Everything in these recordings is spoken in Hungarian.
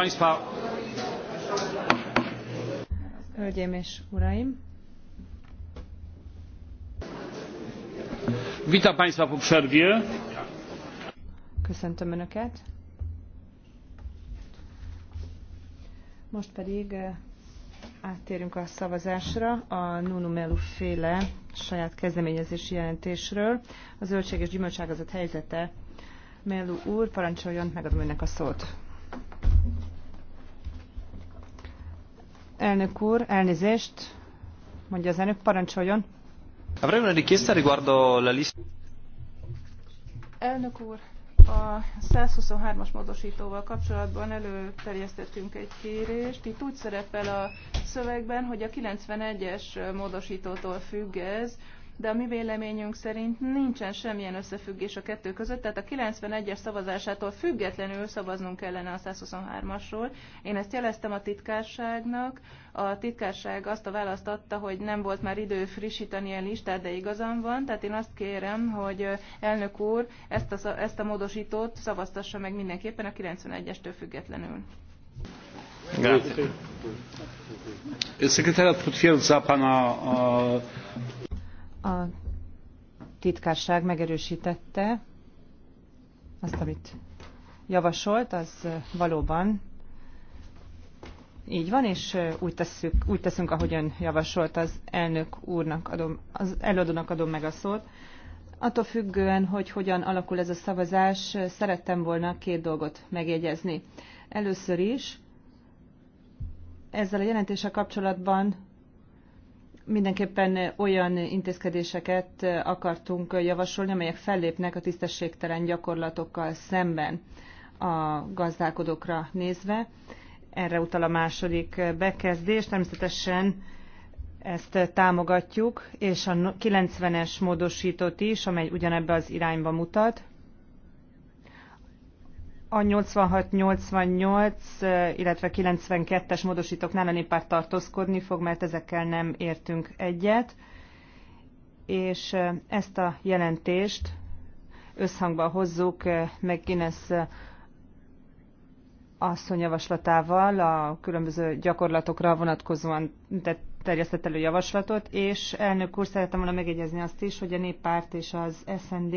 Państwa... Hölgyeim és Uraim! Witam Państwa po przerwie. Köszöntöm Önöket. Most pedig e, áttérünk a szavazásra a Nunu Melu féle saját kezdeményezési jelentésről. A zöldség és gyümölcságazat helyzete Melu úr, parancsoljon, megadom önnek a szót. Elnök úr, elnézést, mondja az elnök, parancsoljon. Avrei una richiesta riguardo la lista. Elnök úr, a 123-as módosítóval kapcsolatban előterjesztettünk egy kérést. Itt úgy szerepel a szövegben, hogy a 91-es módosítótól függ ez, de a mi véleményünk szerint nincsen semmilyen összefüggés a kettő között, tehát a 91-es szavazásától függetlenül szavaznunk kellene a 123-asról. Én ezt jeleztem a titkárságnak, a titkárság azt a választ adta, hogy nem volt már idő frissíteni a listát, de igazam van, tehát én azt kérem, hogy elnök úr ezt a, ezt a módosítót szavaztassa meg mindenképpen a 91-estől függetlenül. Grazie. Sekretariat potwierdza pana a titkárság megerősítette azt, amit javasolt, az valóban így van, és úgy, tesszük, úgy teszünk, ahogyan javasolt az elnök úrnak adom, az előadónak adom meg a szót. Attól függően, hogy hogyan alakul ez a szavazás, szerettem volna két dolgot megjegyezni. Először is, ezzel a jelentéssel kapcsolatban mindenképpen olyan intézkedéseket akartunk javasolni, amelyek fellépnek a tisztességtelen gyakorlatokkal szemben a gazdálkodókra nézve. Erre utal a második bekezdés. Természetesen ezt támogatjuk, és a 90-es módosítót is, amely ugyanebbe az irányba mutat. A 86-88, illetve 92-es módosítóknál a néppárt tartózkodni fog, mert ezekkel nem értünk egyet, és ezt a jelentést összhangba hozzuk meg Guinness asszony javaslatával a különböző gyakorlatokra vonatkozóan tett terjesztett elő javaslatot, és elnök úr, szeretem volna megjegyezni azt is, hogy a néppárt és az SND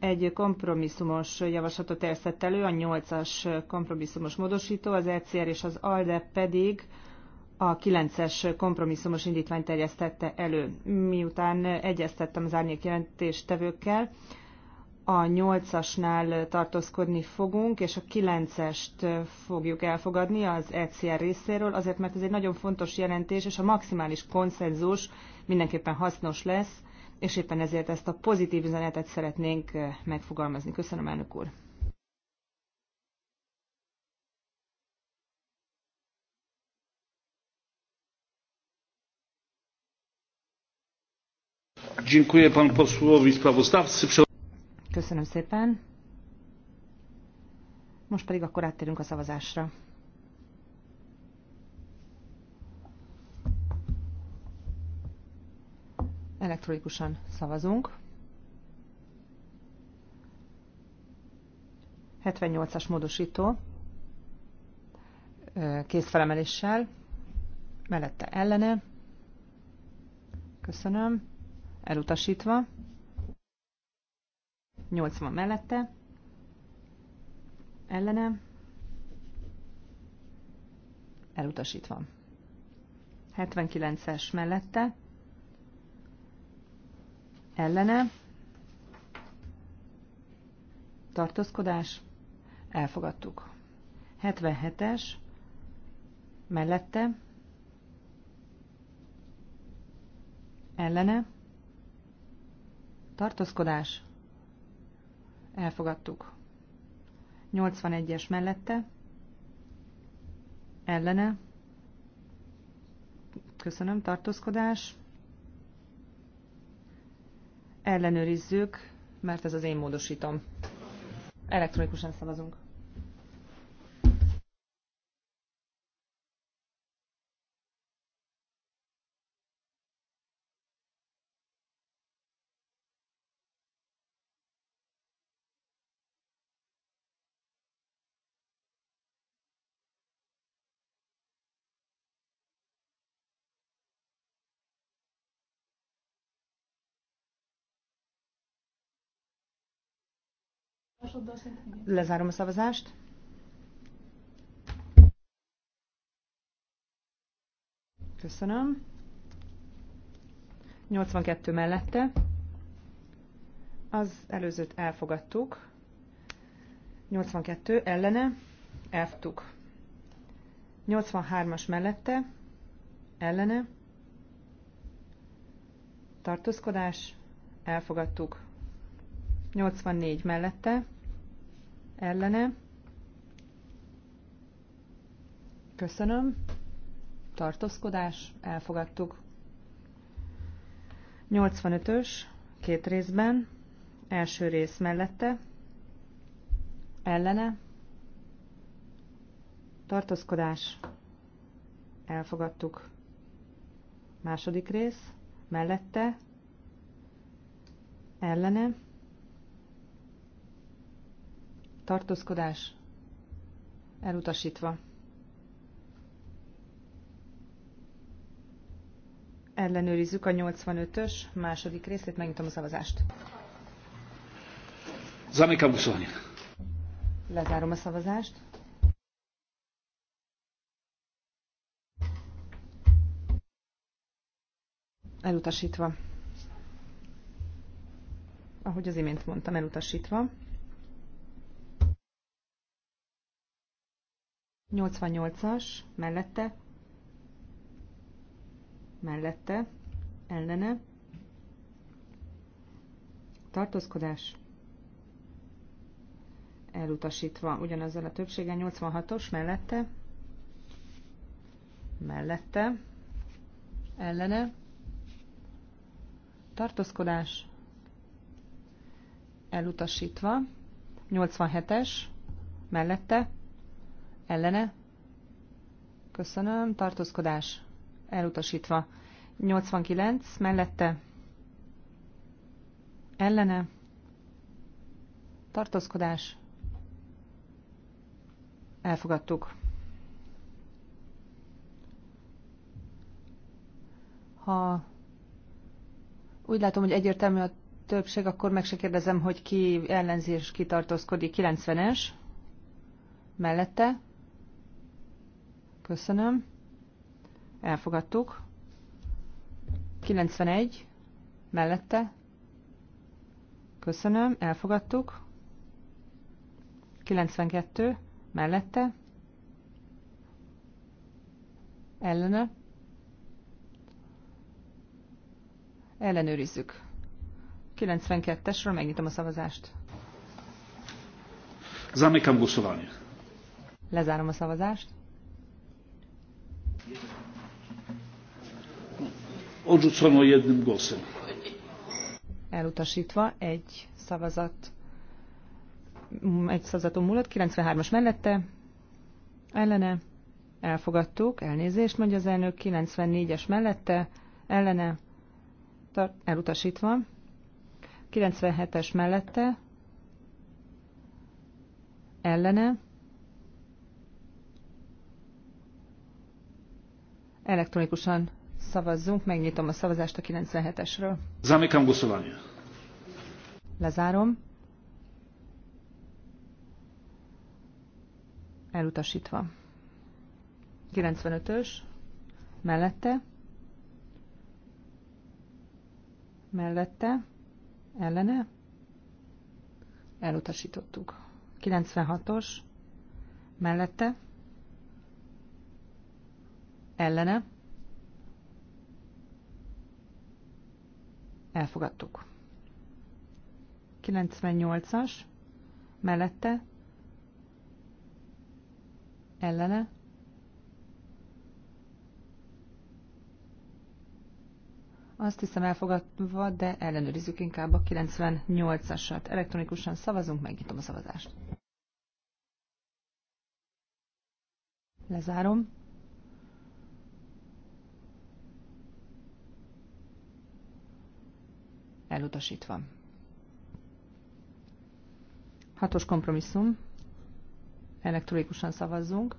egy kompromisszumos javaslatot elszett elő, a 8-as kompromisszumos módosító, az ECR és az ALDE pedig a 9-es kompromisszumos indítványt terjesztette elő. Miután egyeztettem az árnyék jelentéstevőkkel, a 8-asnál tartózkodni fogunk, és a 9-est fogjuk elfogadni az ECR részéről, azért mert ez egy nagyon fontos jelentés, és a maximális konszenzus mindenképpen hasznos lesz, és éppen ezért ezt a pozitív üzenetet szeretnénk megfogalmazni. Köszönöm, elnök úr! Köszönöm szépen. Most pedig akkor áttérünk a szavazásra. Elektronikusan szavazunk. 78-as módosító kézfelemeléssel, mellette ellene, köszönöm, elutasítva, 80 mellette, ellene, elutasítva. 79-es mellette, ellene, tartózkodás, elfogadtuk. 77-es, mellette, ellene, tartózkodás, elfogadtuk. 81-es mellette, ellene, köszönöm, tartózkodás, ellenőrizzük, mert ez az én módosítom. Elektronikusan szavazunk. Lezárom a szavazást. Köszönöm. 82 mellette. Az előzőt elfogadtuk. 82 ellene. Elfogadtuk. 83-as mellette. Ellene. Tartózkodás. Elfogadtuk. 84 mellette ellene. Köszönöm. Tartózkodás, elfogadtuk. 85-ös, két részben, első rész mellette, ellene, tartózkodás, elfogadtuk. Második rész, mellette, ellene, tartózkodás elutasítva. Ellenőrizzük a 85-ös második részét, megnyitom a szavazást. Zamika głosowanie. Lezárom a szavazást. Elutasítva. Ahogy az imént mondtam, elutasítva. 88-as, mellette, mellette, ellene, tartózkodás, elutasítva ugyanazzal a többségen, 86-os, mellette, mellette, ellene, tartózkodás, elutasítva, 87-es, mellette, ellene, köszönöm, tartózkodás elutasítva. 89 mellette, ellene, tartózkodás, elfogadtuk. Ha úgy látom, hogy egyértelmű a többség, akkor meg se kérdezem, hogy ki ellenzés és ki tartózkodik. 90-es mellette, Köszönöm. Elfogadtuk. 91. Mellette. Köszönöm. Elfogadtuk. 92. Mellette. Ellene. Ellenőrizzük. 92-esről megnyitom a szavazást. Zamykam głosowanie. Lezárom a szavazást. odrzucono jednym głosem. Elutasítva egy szavazat, egy szavazatom múlott, 93-as mellette, ellene, elfogadtuk, elnézést mondja az elnök, 94-es mellette, ellene, elutasítva, 97-es mellette, ellene, elektronikusan Szavazzunk, megnyitom a szavazást a 97-esről. Zamykam głosowanie. Lezárom. Elutasítva. 95-ös. Mellette. Mellette. Ellene. Elutasítottuk. 96-os. Mellette. Ellene. Elfogadtuk. 98-as, mellette, ellene, Azt hiszem elfogadva, de ellenőrizzük inkább a 98-asat. Elektronikusan szavazunk, megnyitom a szavazást. Lezárom. elutasítva. Hatos kompromisszum. Elektronikusan szavazzunk.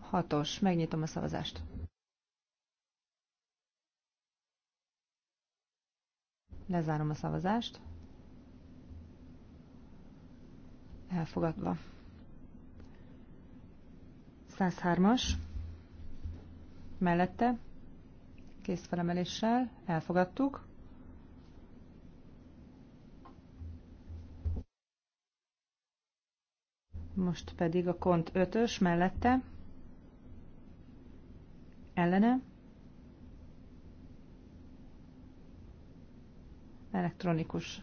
Hatos. Megnyitom a szavazást. Lezárom a szavazást. Elfogadva. 103-as. Mellette készfelemeléssel elfogadtuk. Most pedig a kont 5-ös mellette, ellene, elektronikus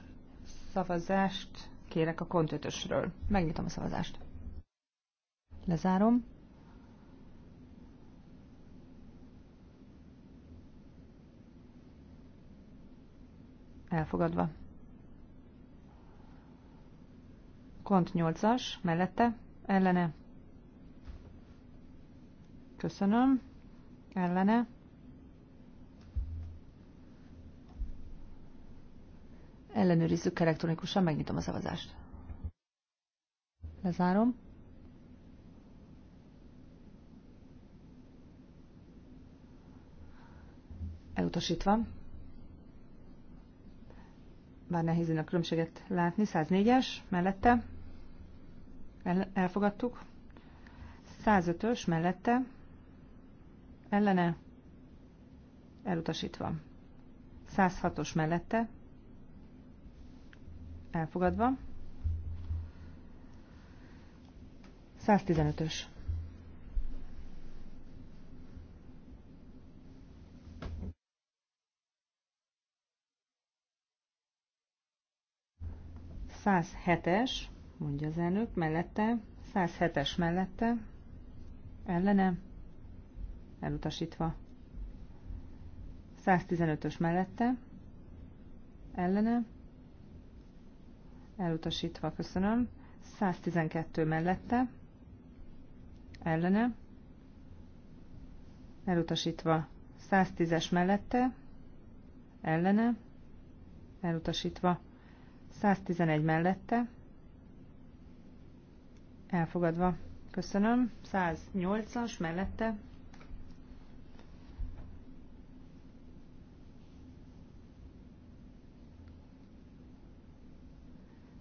szavazást kérek a kont 5-ösről. Megnyitom a szavazást. Lezárom. Elfogadva. Kont 8-as, mellette, ellene. Köszönöm. Ellene. Ellenőrizzük elektronikusan, megnyitom a szavazást. Lezárom. Elutasítva bár nehéz a különbséget látni, 104-es mellette, elfogadtuk, 105-ös mellette, ellene, elutasítva, 106-os mellette, elfogadva, 115-ös 107-es, mondja az elnök, mellette, 107-es mellette, ellene, elutasítva. 115-ös mellette, ellene, elutasítva, köszönöm. 112 mellette, ellene, elutasítva. 110-es mellette, ellene, elutasítva. 111 mellette. Elfogadva. Köszönöm. 108-as mellette.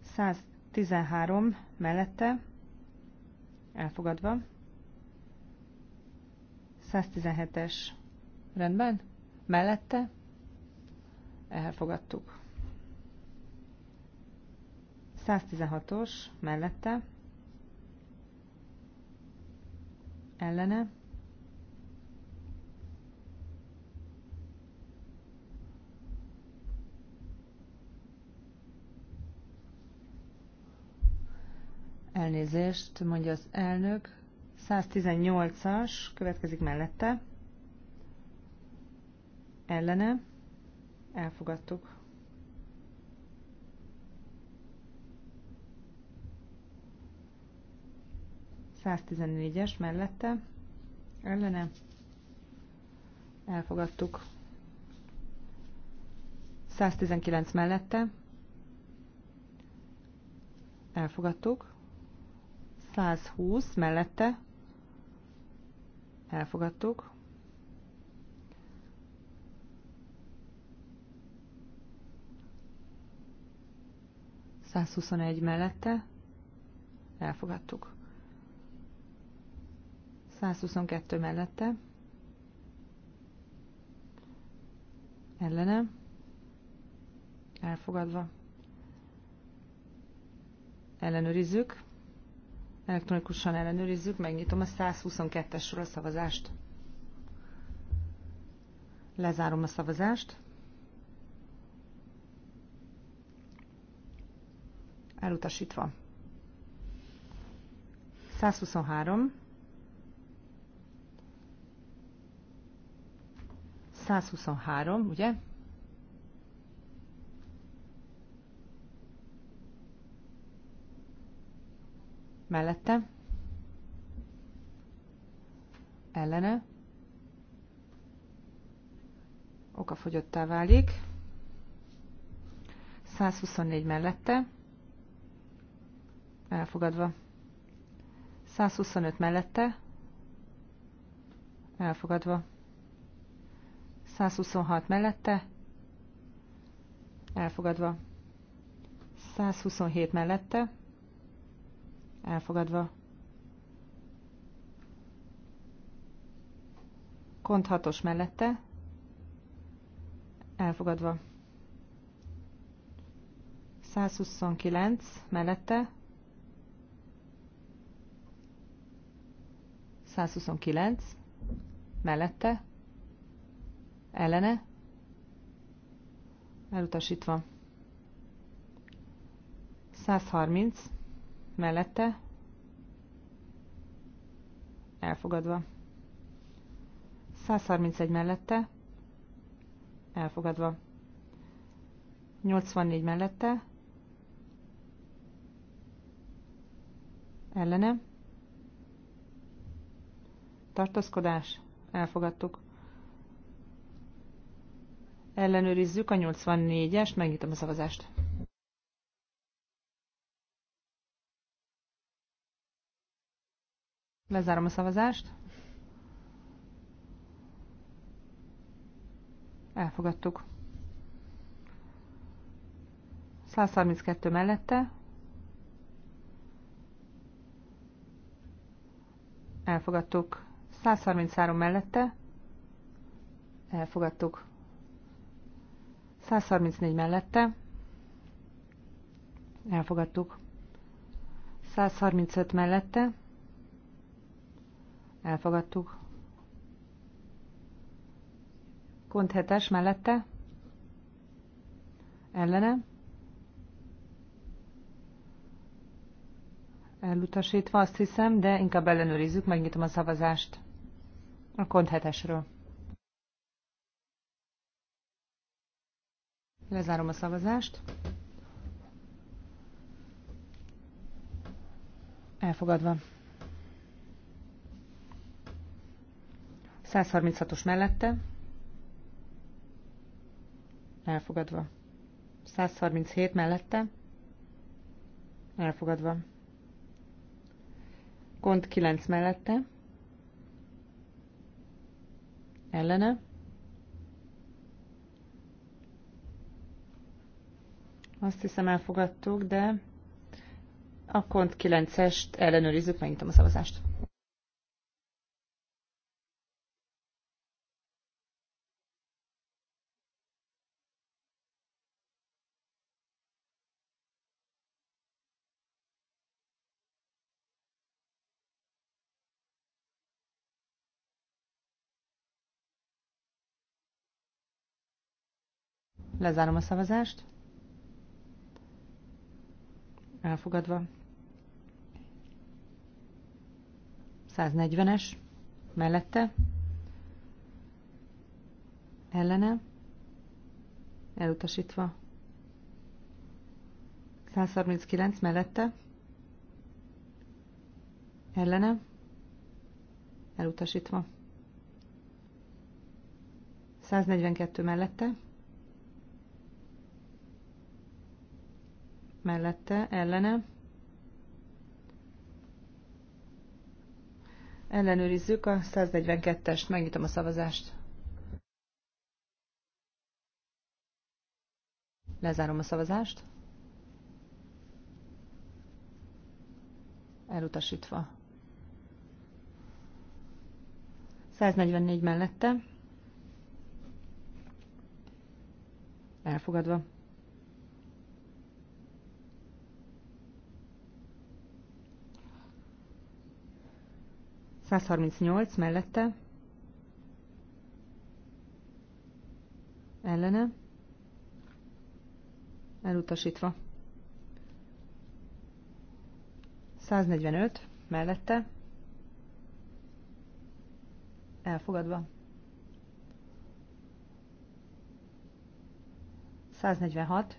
Száz tizenhárom mellette, elfogadva. 117 tizenhetes rendben, mellette, elfogadtuk. 116-os mellette ellene Elnézést, mondja az elnök. 118-as következik mellette. Ellene. Elfogadtuk. 114-es mellette ellene elfogadtuk. 119 mellette elfogadtuk. 120 mellette elfogadtuk. 121 mellette elfogadtuk. 122 mellette, ellene, elfogadva. Ellenőrizzük, elektronikusan ellenőrizzük, megnyitom a 122-esről a szavazást. Lezárom a szavazást. Elutasítva. 123 123, ugye? Mellette. Ellene. Okafogyottá válik. 124 mellette. Elfogadva. 125 mellette. Elfogadva. 126 mellette, elfogadva. 127 mellette, elfogadva. Kont 6 mellette, elfogadva. 129 mellette, 129 mellette, ellene, elutasítva. 130 mellette, elfogadva. 131 mellette, elfogadva. 84 mellette, ellene, tartózkodás, elfogadtuk. Ellenőrizzük a 84-est, megnyitom a szavazást. Lezárom a szavazást. Elfogadtuk. 132 mellette. Elfogadtuk. 133 mellette. Elfogadtuk. 134 mellette. Elfogadtuk. 135 mellette. Elfogadtuk. Kont 7-es mellette. Ellene. Elutasítva azt hiszem, de inkább ellenőrizzük, megnyitom a szavazást. A kont 7-esről. Lezárom a szavazást. Elfogadva. 136-os mellette. Elfogadva. 137 mellette. Elfogadva. Kont 9 mellette. Ellene. Azt hiszem elfogadtuk, de a kont 9-est ellenőrizzük, megnyitom a szavazást. Lezárom a szavazást elfogadva. 140-es, mellette, ellene, elutasítva. 139 mellette, ellene, elutasítva. 142 mellette, mellette, ellene. Ellenőrizzük a 142-est, megnyitom a szavazást. Lezárom a szavazást. Elutasítva. 144 mellette. Elfogadva. 138 mellette, ellene, elutasítva. 145 mellette, elfogadva. 146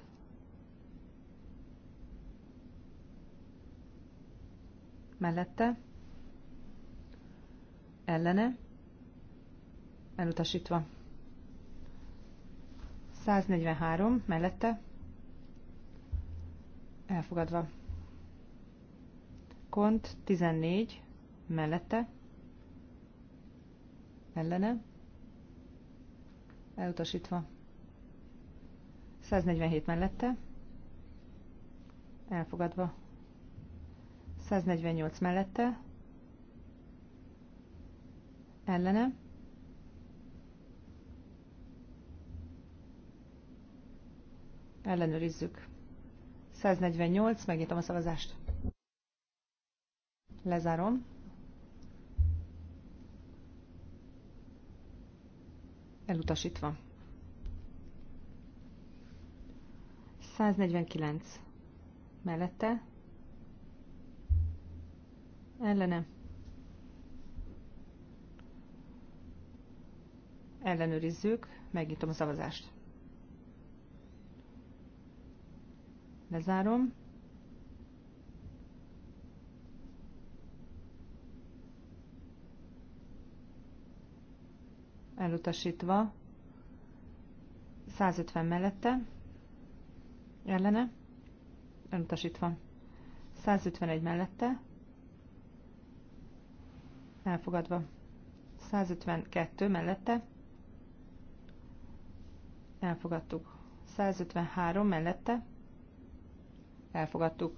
mellette, ellene, elutasítva. 143 mellette, elfogadva. Kont 14 mellette, ellene, elutasítva. 147 mellette, elfogadva. 148 mellette, ellene. Ellenőrizzük. 148, megnyitom a szavazást. Lezárom. Elutasítva. 149. Mellette. Ellene. ellenőrizzük, megnyitom a szavazást. Lezárom. Elutasítva. 150 mellette. Ellene. Elutasítva. 151 mellette. Elfogadva. 152 mellette Elfogadtuk. 153 mellette. Elfogadtuk.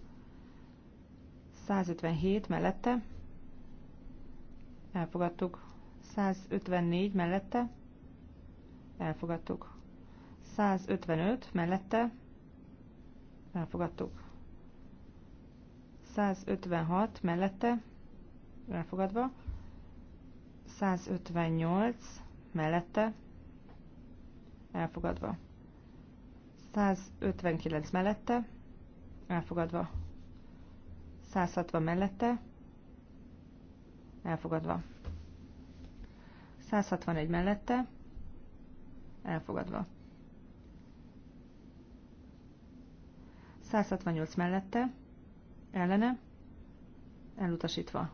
157 mellette. Elfogadtuk. 154 mellette. Elfogadtuk. 155 mellette. Elfogadtuk. 156 mellette. Elfogadva. 158 mellette elfogadva. 159 mellette, elfogadva. 160 mellette, elfogadva. 161 mellette, elfogadva. 168 mellette, ellene, elutasítva.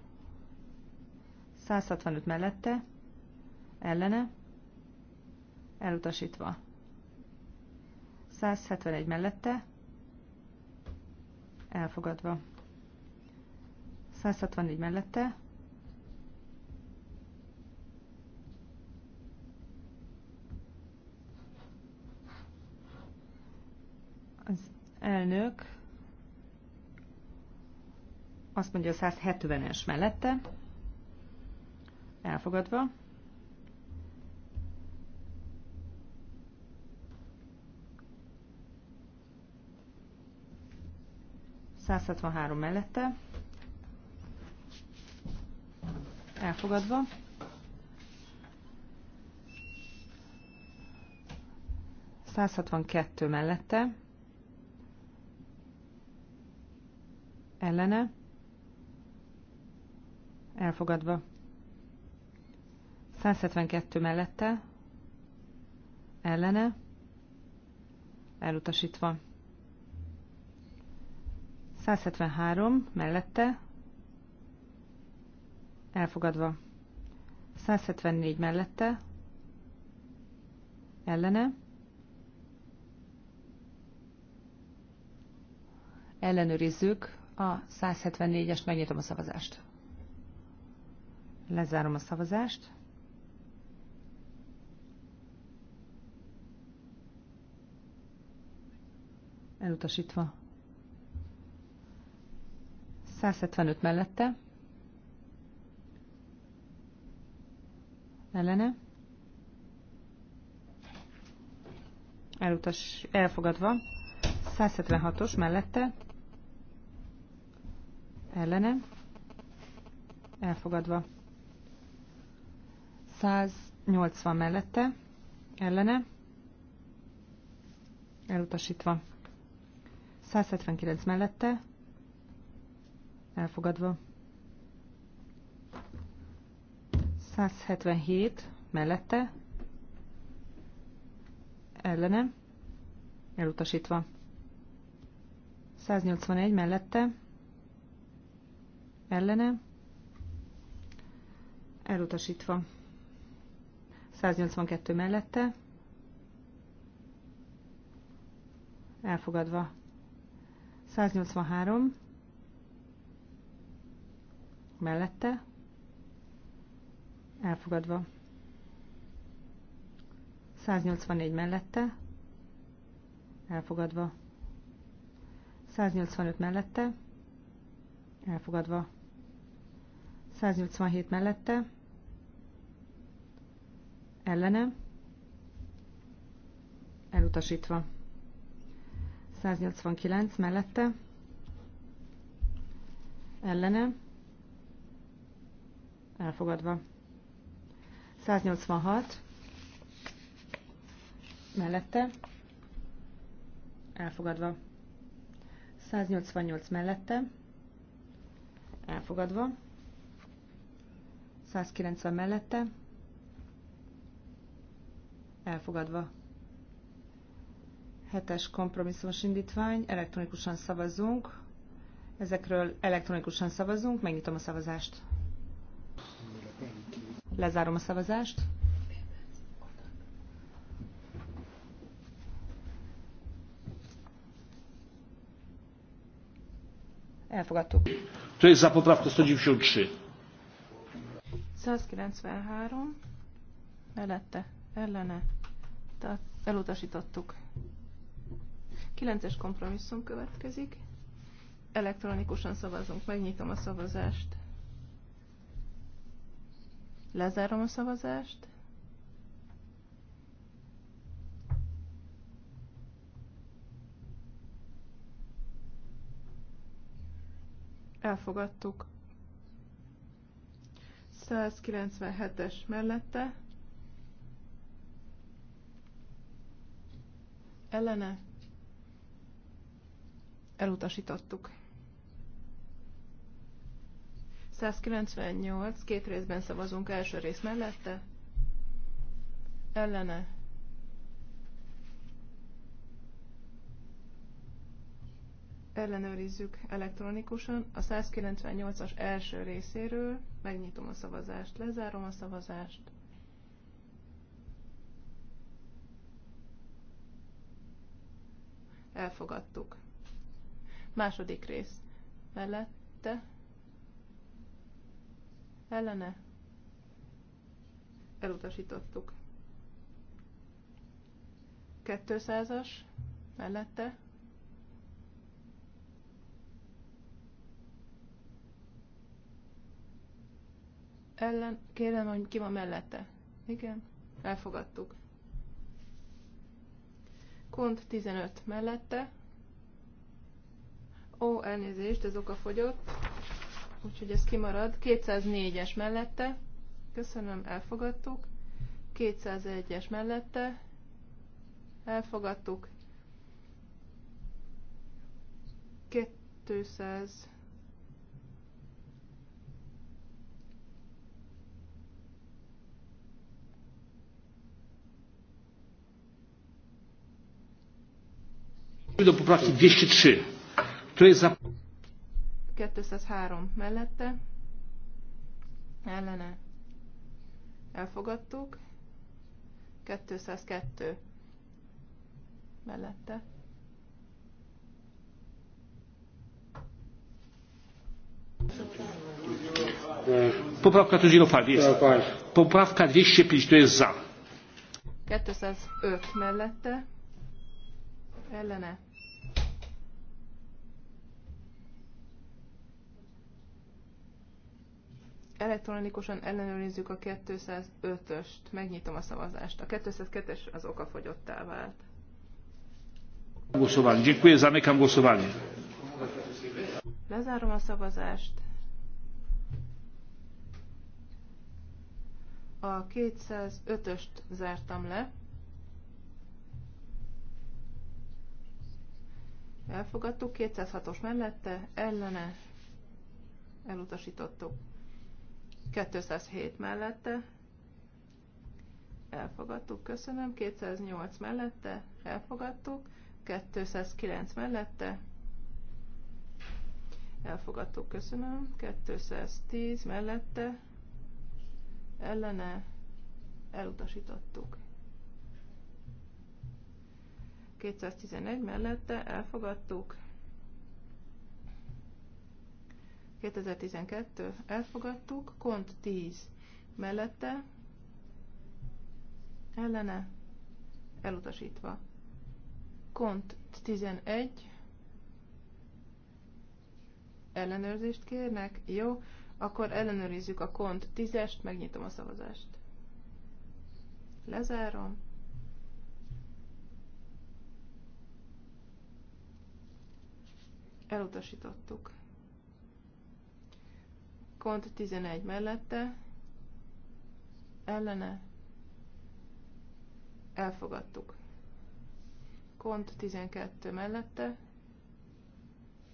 165 mellette, ellene, elutasítva. 171 mellette, elfogadva. 164 mellette, az elnök azt mondja 170-es mellette, elfogadva. 163 mellette. Elfogadva. kettő mellette. Ellene. Elfogadva. 172 mellette. Ellene. Elutasítva. 173 mellette elfogadva. 174 mellette ellene. Ellenőrizzük a 174-est, megnyitom a szavazást. Lezárom a szavazást. Elutasítva. 175 mellette. Ellene. Elutas, elfogadva. 176-os mellette. Ellene. Elfogadva. 180 mellette. Ellene. Elutasítva. 179 mellette elfogadva. 177 mellette, ellene, elutasítva. 181 mellette, ellene, elutasítva. 182 mellette, elfogadva. 183 mellette, elfogadva. 184 mellette, elfogadva. 185 mellette, elfogadva. 187 mellette, ellene, elutasítva. 189 mellette, ellene, elfogadva. 186 mellette, elfogadva. 188 mellette, elfogadva. 190 mellette, elfogadva. 7-es kompromisszumos indítvány, elektronikusan szavazunk. Ezekről elektronikusan szavazunk, megnyitom a szavazást. Lezárom a szavazást. Elfogadtuk. To jest za poprawką 193. 193. Mellette, ellene. Tehát elutasítottuk. 9-es kompromisszum következik. Elektronikusan szavazunk. Megnyitom a szavazást. Lezárom a szavazást. Elfogadtuk. 197-es mellette. Ellene. Elutasítottuk. 198, két részben szavazunk első rész mellette, ellene, ellenőrizzük elektronikusan a 198-as első részéről, megnyitom a szavazást, lezárom a szavazást, elfogadtuk. Második rész mellette, ellene elutasítottuk. 200-as mellette ellen, kérem, hogy ki van mellette. Igen, elfogadtuk. Kont 15 mellette. Ó, elnézést, ez oka fogyott úgyhogy ez kimarad. 204-es mellette, köszönöm, elfogadtuk. 201-es mellette, elfogadtuk. 200 203. Kto jest za... 203 mellette ellene elfogadtuk, 202 mellette Poprawka 205 jest. Poprawka 205 to jest za. 205 mellette. Ellene. Elektronikusan ellenőrizzük a 205-öst. Megnyitom a szavazást. A 202-es az okafogyottá vált. Lezárom a szavazást. A 205-öst zártam le. Elfogadtuk, 206-os mellette, ellene elutasítottuk. 207 mellette elfogadtuk, köszönöm, 208 mellette elfogadtuk, 209 mellette elfogadtuk, köszönöm, 210 mellette ellene elutasítottuk. 211 mellette elfogadtuk, 2012 elfogadtuk, kont 10 mellette, ellene, elutasítva. Kont 11, ellenőrzést kérnek, jó, akkor ellenőrizzük a kont 10-est, megnyitom a szavazást. Lezárom. Elutasítottuk. Kont 11 mellette, ellene, elfogadtuk. Kont 12 mellette,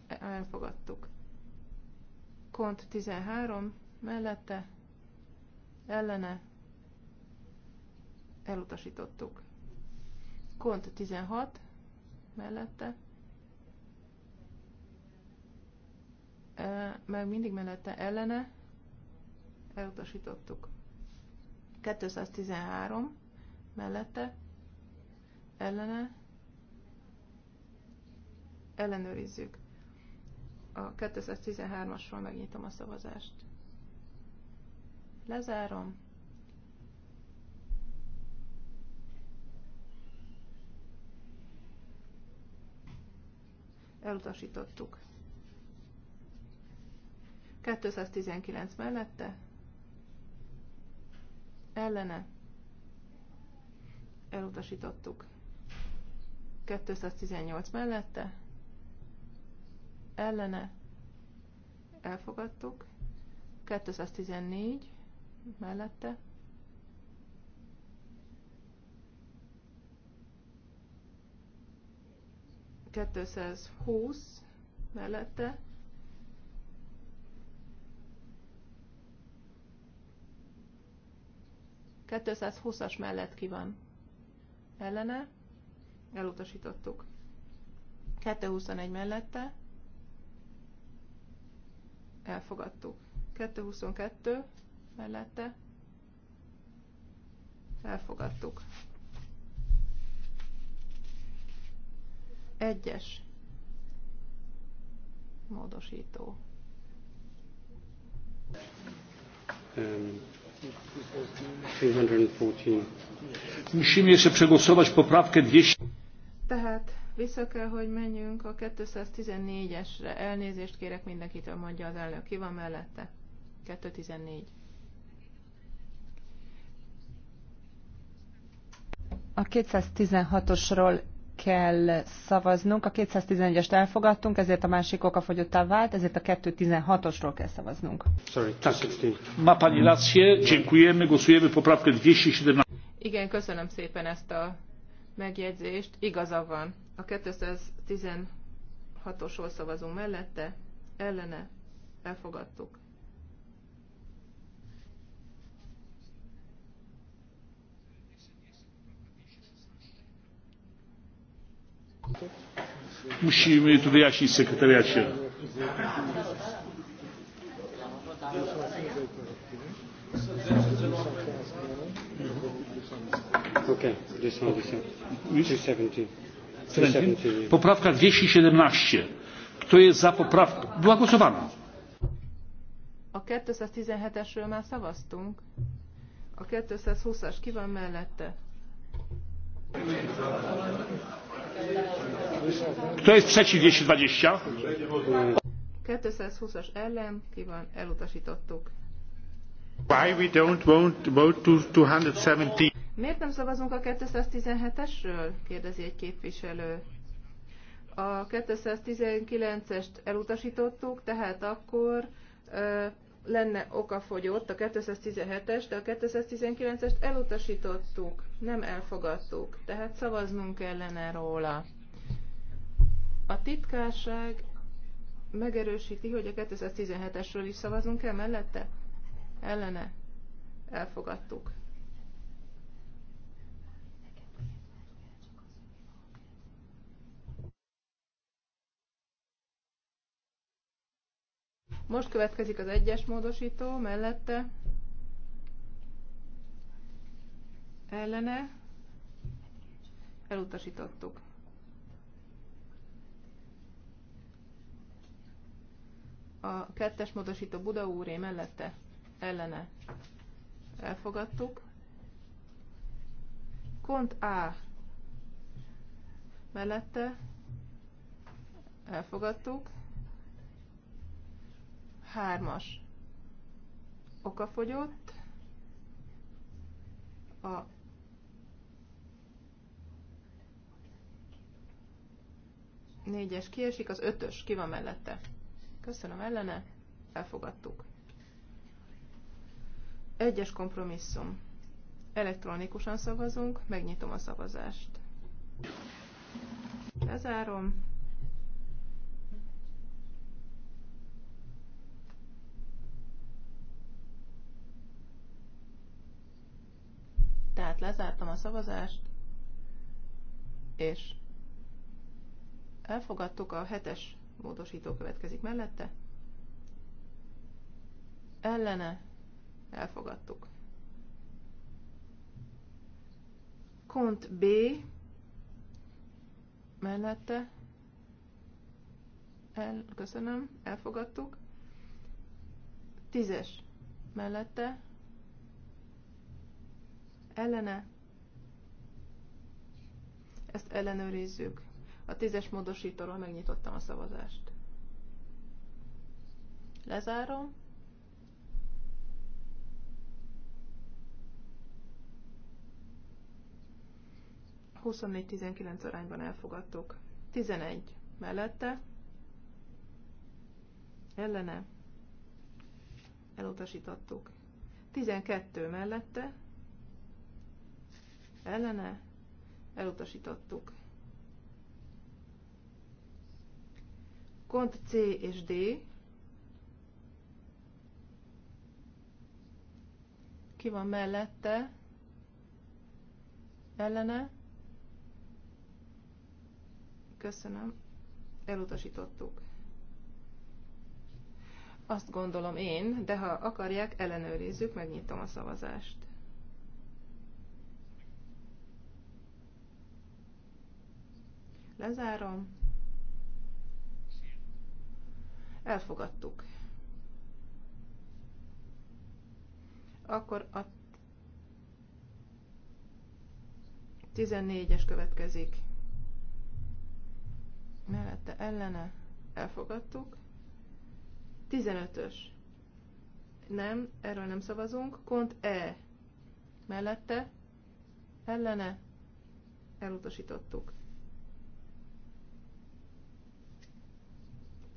e, elfogadtuk. Kont 13 mellette, ellene, elutasítottuk. Kont 16 mellette, meg mindig mellette ellene elutasítottuk. 213 mellette ellene ellenőrizzük. A 213-asról megnyitom a szavazást. Lezárom. Elutasítottuk. 219 mellette, ellene, elutasítottuk. 218 mellette, ellene, elfogadtuk. 214 mellette, húsz mellette, 220-as mellett ki van ellene, elutasítottuk. 221 mellette, elfogadtuk. 222 mellette, elfogadtuk. Egyes módosító. Musimy jeszcze przegłosować poprawkę 200. Tehát vissza kell, hogy menjünk a 214-esre. Elnézést kérek mindenkitől, mondja az elnök. Ki van mellette? 214. A 216-osról kell szavaznunk. A 211-est elfogadtunk, ezért a másik oka fogyottá vált, ezért a 216-osról kell szavaznunk. Szóval Ma Igen, köszönöm szépen ezt a megjegyzést. Igaza van. A 216-osról szavazunk mellette, ellene elfogadtuk. Musimy to wyjaśnić sekretariacie. Uh, Poprawka 217. Kto jest za poprawką? Była głosowana. A 217-esről már szavaztunk. A 220-as ki van mellette? Kto jest przeciw 220? 220-as ellen, ki van, elutasítottuk. Why we don't want to vote to 217? Miért nem szavazunk a 217-esről? kérdezi egy képviselő. A 219-est elutasítottuk, tehát akkor lenne fogyott a 217-es, de a 219-est elutasítottuk, nem elfogadtuk, tehát szavaznunk kellene róla. A titkárság megerősíti, hogy a 217-esről is szavazunk kell mellette? Ellene? Elfogadtuk. Most következik az egyes módosító mellette. Ellene. Elutasítottuk. A kettes módosító Buda úré mellette. Ellene. Elfogadtuk. Kont A mellette elfogadtuk. Hármas okafogyott. A négyes kiesik, az ötös ki van mellette. Köszönöm ellene, elfogadtuk. Egyes kompromisszum. Elektronikusan szavazunk, megnyitom a szavazást. Lezárom. lezártam a szavazást, és elfogadtuk a hetes módosító következik mellette. Ellene elfogadtuk. Kont B mellette el, köszönöm, elfogadtuk. Tízes mellette ellene. Ezt ellenőrizzük. A tízes módosítóról megnyitottam a szavazást. Lezárom. Huszonnégy 19 arányban elfogadtuk. 11 mellette. Ellene. Elutasítottuk. 12 mellette ellene elutasítottuk. Kont C és D ki van mellette, ellene, köszönöm, elutasítottuk. Azt gondolom én, de ha akarják, ellenőrizzük, megnyitom a szavazást. Lezárom. Elfogadtuk. Akkor a 14-es következik. Mellette ellene elfogadtuk. 15-ös. Nem, erről nem szavazunk. Kont E. Mellette ellene elutasítottuk.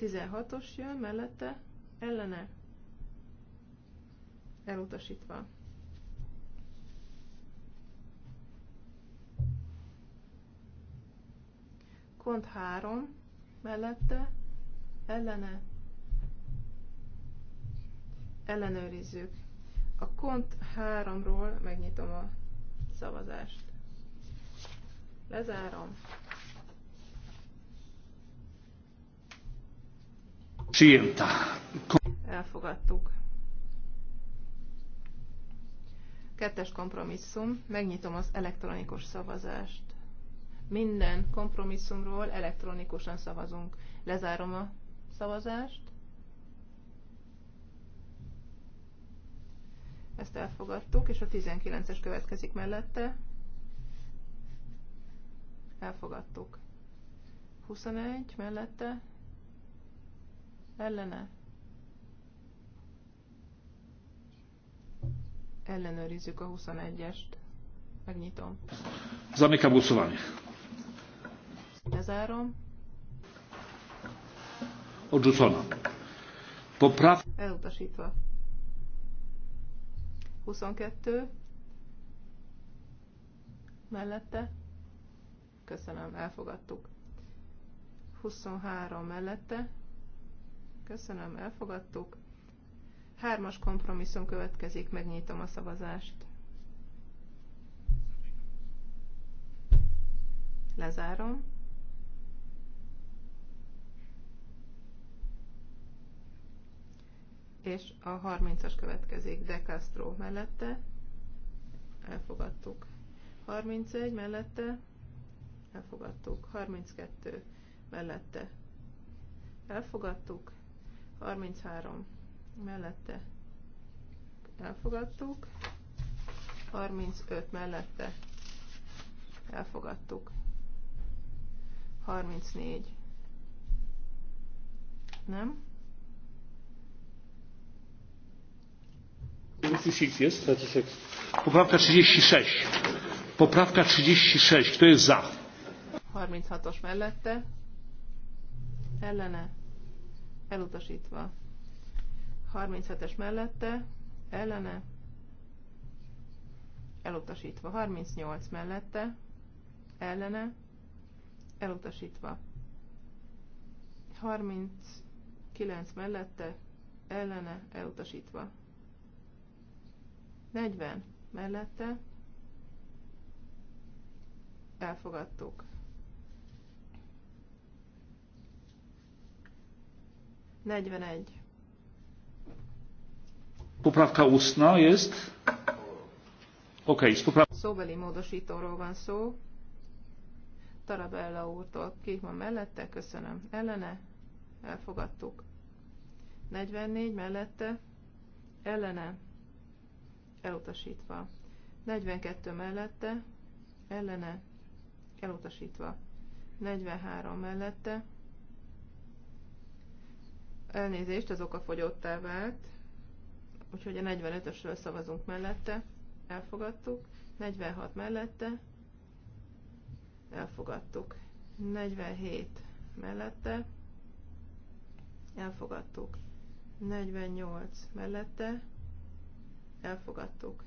16-os jön mellette, ellene elutasítva. Kont 3 mellette, ellene ellenőrizzük. A kont 3-ról megnyitom a szavazást. Lezárom. Elfogadtuk. Kettes kompromisszum. Megnyitom az elektronikus szavazást. Minden kompromisszumról elektronikusan szavazunk. Lezárom a szavazást. Ezt elfogadtuk, és a 19-es következik mellette. Elfogadtuk. 21 mellette ellene ellenőrizzük a 21-est. Megnyitom. Zamika Buszovani. Lezárom. Odrzucona. Popraw... Elutasítva. 22. Mellette. Köszönöm, elfogadtuk. 23 mellette. Köszönöm, elfogadtuk. Hármas kompromisszum következik, megnyitom a szavazást. Lezárom. És a 30-as következik, De Castro mellette. Elfogadtuk. 31 mellette. Elfogadtuk. 32 mellette. Elfogadtuk. 33 mellette elfogadtuk, 35 mellette elfogadtuk, 34 nem? 36 36. Poprawka 36. Poprawka 36. Kto jest za? 36-os mellette. Ellene elutasítva. 37-es mellette, ellene, elutasítva. 38 mellette, ellene, elutasítva. 39 mellette, ellene, elutasítva. 40 mellette, elfogadtuk. 41. Poprawka ustna jest? Okej, okay, poprawka... Szóbeli módosítóról van szó. Tarabella úrtól ki van mellette, köszönöm. Ellene? Elfogadtuk. 44 mellette? Ellene? Elutasítva. 42 mellette? Ellene? Elutasítva. 43 mellette? Elnézést, az oka fogyottá vált. Úgyhogy a 45-ösről szavazunk mellette. Elfogadtuk. 46 mellette. Elfogadtuk. 47 mellette. Elfogadtuk. 48 mellette. Elfogadtuk.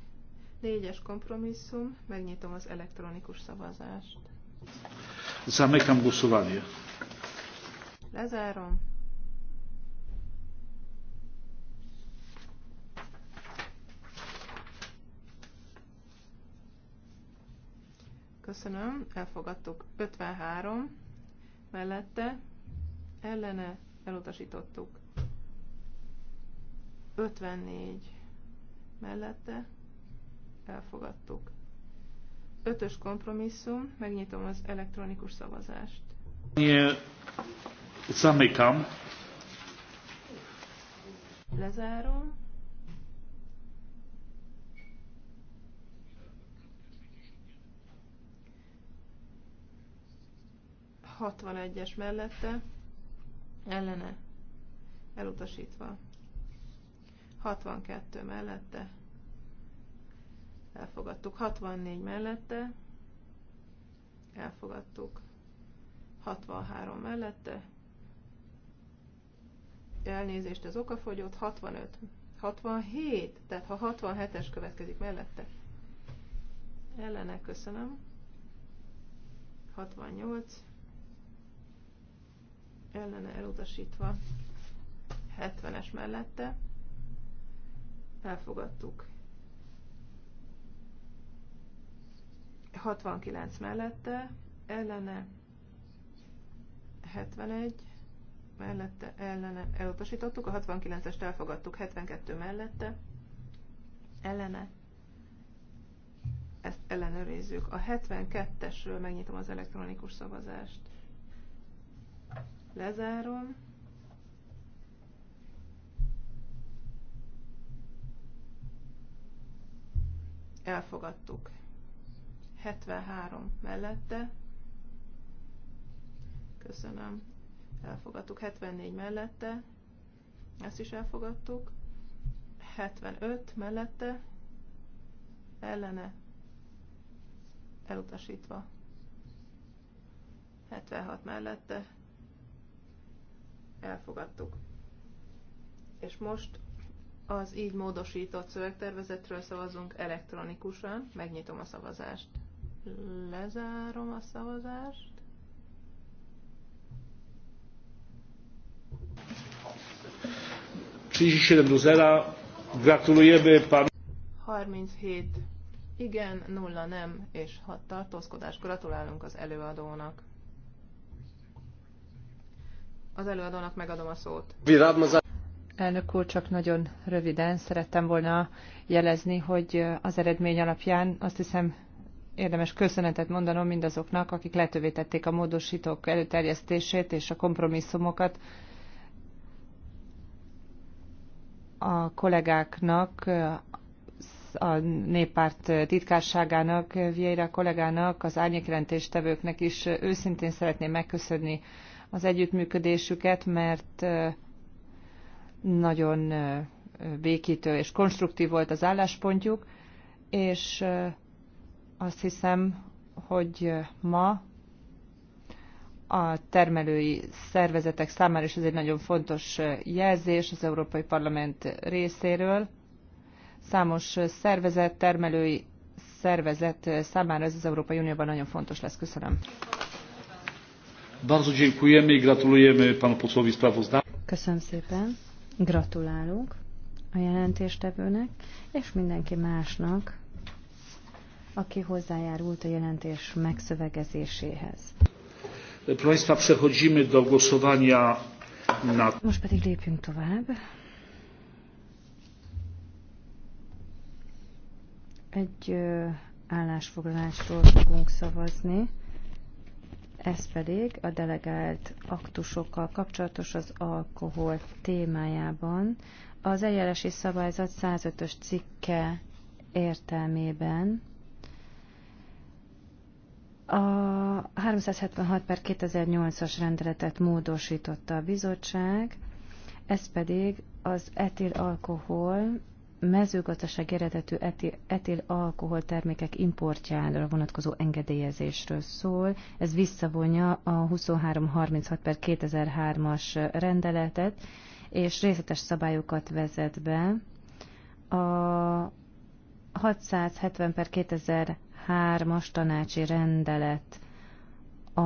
Négyes kompromisszum. Megnyitom az elektronikus szavazást. Zamekam głosowanie. Lezárom. Köszönöm, elfogadtuk. 53 mellette, ellene elutasítottuk. 54 mellette, elfogadtuk. Ötös kompromisszum, megnyitom az elektronikus szavazást. Zamykam. Lezárom. 61-es mellette ellene elutasítva. 62 mellette elfogadtuk. 64 mellette elfogadtuk. 63 mellette elnézést az okafogyót, 65, 67, tehát ha 67-es következik mellette, ellene köszönöm, 68, ellene elutasítva, 70-es mellette, elfogadtuk. 69 mellette, ellene 71, mellette ellene elutasítottuk, a 69-est elfogadtuk, 72 mellette, ellene, ezt ellenőrizzük. A 72-esről megnyitom az elektronikus szavazást. Lezárom. Elfogadtuk. 73 mellette. Köszönöm. Elfogadtuk. 74 mellette. Ezt is elfogadtuk. 75 mellette. Ellene. Elutasítva. 76 mellette elfogadtuk. És most az így módosított szövegtervezetről szavazunk elektronikusan. Megnyitom a szavazást. Lezárom a szavazást. Gratulujemy pan. 37 igen, nulla nem, és hat tartózkodás. Gratulálunk az előadónak. Az előadónak megadom a szót. Elnök úr, csak nagyon röviden szerettem volna jelezni, hogy az eredmény alapján azt hiszem érdemes köszönetet mondanom mindazoknak, akik lehetővé tették a módosítók előterjesztését és a kompromisszumokat a kollégáknak, a néppárt titkárságának, Vieira kollégának, az árnyékjelentéstevőknek is őszintén szeretném megköszönni az együttműködésüket, mert nagyon békítő és konstruktív volt az álláspontjuk, és azt hiszem, hogy ma a termelői szervezetek számára is ez egy nagyon fontos jelzés az Európai Parlament részéről. Számos szervezet, termelői szervezet számára ez az Európai Unióban nagyon fontos lesz. Köszönöm. Bardzo dziękujemy i gratulujemy panu posłowi sprawozdawcy. Köszönöm szépen. Gratulálunk a jelentéstevőnek, és mindenki másnak, aki hozzájárult a jelentés megszövegezéséhez. Proszę Państwa, przechodzimy do głosowania na... Most pedig lépjünk tovább. Egy állásfoglalásról fogunk szavazni ez pedig a delegált aktusokkal kapcsolatos az alkohol témájában. Az eljárási szabályzat 105-ös cikke értelmében a 376 per 2008-as rendeletet módosította a bizottság, ez pedig az etil alkohol mezőgazdaság eredetű etil, etil alkoholtermékek importjára vonatkozó engedélyezésről szól. Ez visszavonja a 2336 per 2003-as rendeletet, és részletes szabályokat vezet be. A 670 per 2003-as tanácsi rendelet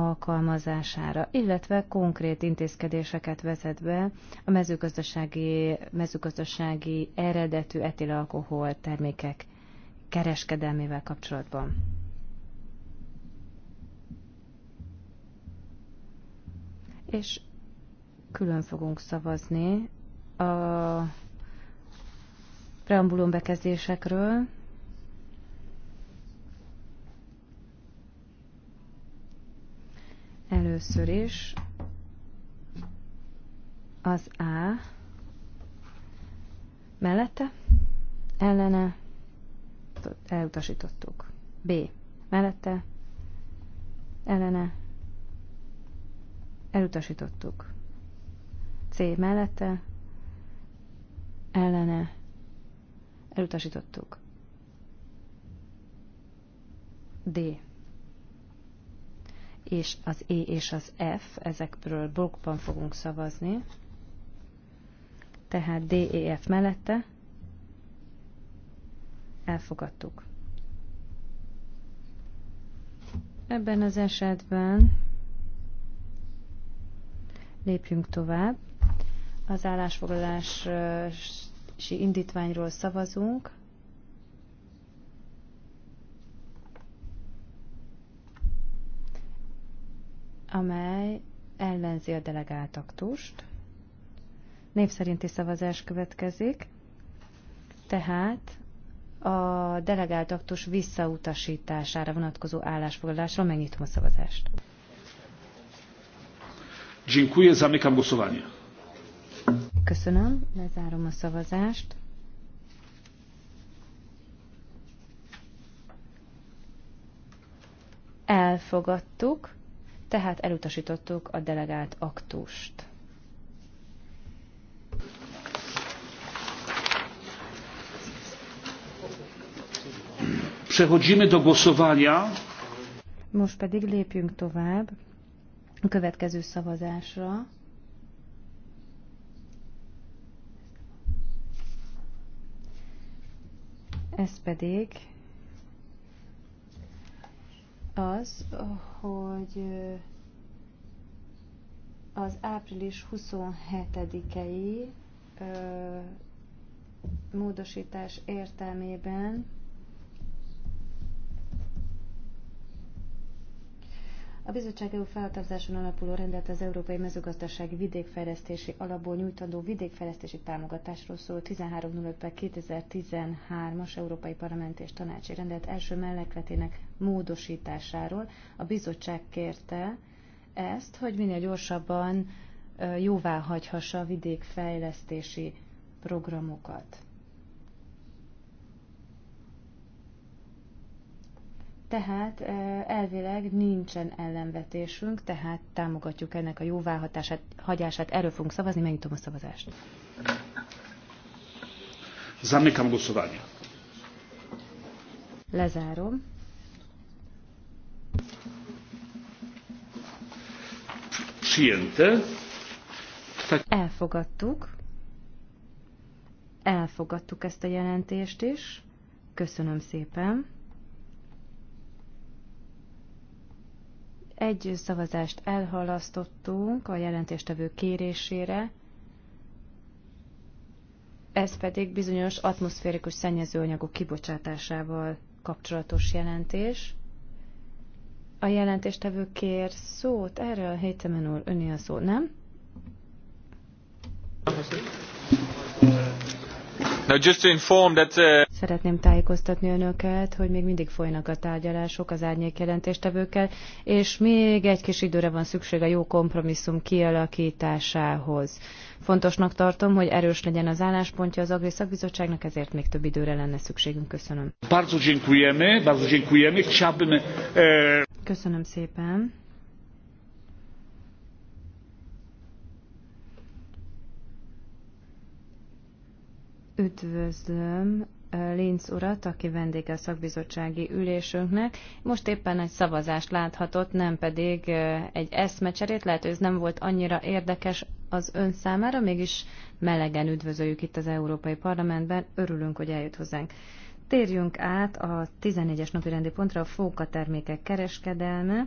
alkalmazására, illetve konkrét intézkedéseket vezet be a mezőgazdasági, mezőgazdasági eredetű etilalkohol termékek kereskedelmével kapcsolatban. És külön fogunk szavazni a preambulum bekezdésekről, Először is az A mellette, ellene, elutasítottuk. B mellette, ellene, elutasítottuk. C mellette, ellene, elutasítottuk. D és az E és az F, ezekről blokkban fogunk szavazni. Tehát DEF mellette elfogadtuk. Ebben az esetben lépjünk tovább. Az állásfoglalási indítványról szavazunk. amely ellenzi a delegált aktust. Név szavazás következik, tehát a delegált aktus visszautasítására vonatkozó állásfoglalásról megnyitom a szavazást. Dziękuję, zamykam głosowanie. Köszönöm, lezárom a szavazást. Elfogadtuk tehát elutasítottuk a delegált aktust. Przechodzimy do głosowania. Most pedig lépjünk tovább a következő szavazásra. Ez pedig az, hogy az április 27-i módosítás értelmében A bizottság EU felhatalmazáson alapuló rendelet az Európai Mezőgazdasági Vidékfejlesztési Alapból nyújtandó vidékfejlesztési támogatásról szól 1305-2013-as Európai Parlament és Tanácsi Rendelet első mellékletének módosításáról. A bizottság kérte ezt, hogy minél gyorsabban jóvá hagyhassa a vidékfejlesztési programokat. Tehát elvileg nincsen ellenvetésünk, tehát támogatjuk ennek a jóváhatását, hagyását. Erről fogunk szavazni, megnyitom a szavazást. Zamykam głosowanie. Lezárom. Przyjęte. Elfogadtuk. Elfogadtuk ezt a jelentést is. Köszönöm szépen. Egy szavazást elhalasztottunk a jelentéstevő kérésére, ez pedig bizonyos atmoszférikus szennyezőanyagok kibocsátásával kapcsolatos jelentés. A jelentéstevő kér szót, erre a hétemen úr öné a szó, nem? Uh, Szeretném tájékoztatni önöket, hogy még mindig folynak a tárgyalások az árnyék jelentéstevőkkel, és még egy kis időre van szükség a jó kompromisszum kialakításához. Fontosnak tartom, hogy erős legyen az álláspontja az Agri Szakbizottságnak, ezért még több időre lenne szükségünk. Köszönöm. E, Köszönöm szépen. Üdvözlöm Linz urat, aki vendége a szakbizottsági ülésünknek. Most éppen egy szavazást láthatott, nem pedig egy eszmecserét. Lehet, hogy ez nem volt annyira érdekes az ön számára, mégis melegen üdvözöljük itt az Európai Parlamentben. Örülünk, hogy eljött hozzánk. Térjünk át a 14-es napi rendi pontra a fókatermékek kereskedelme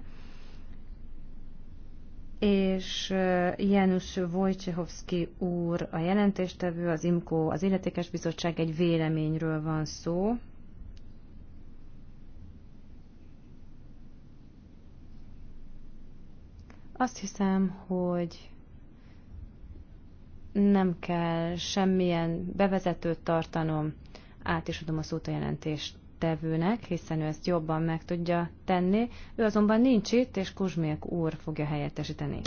és János Wojciechowski úr a jelentéstevő, az IMKO, az Illetékes Bizottság egy véleményről van szó. Azt hiszem, hogy nem kell semmilyen bevezetőt tartanom, át is adom a szót a jelentést tevőnek, hiszen ő ezt jobban meg tudja tenni. Ő azonban nincs itt, és Kuzsmilk úr fogja helyettesíteni.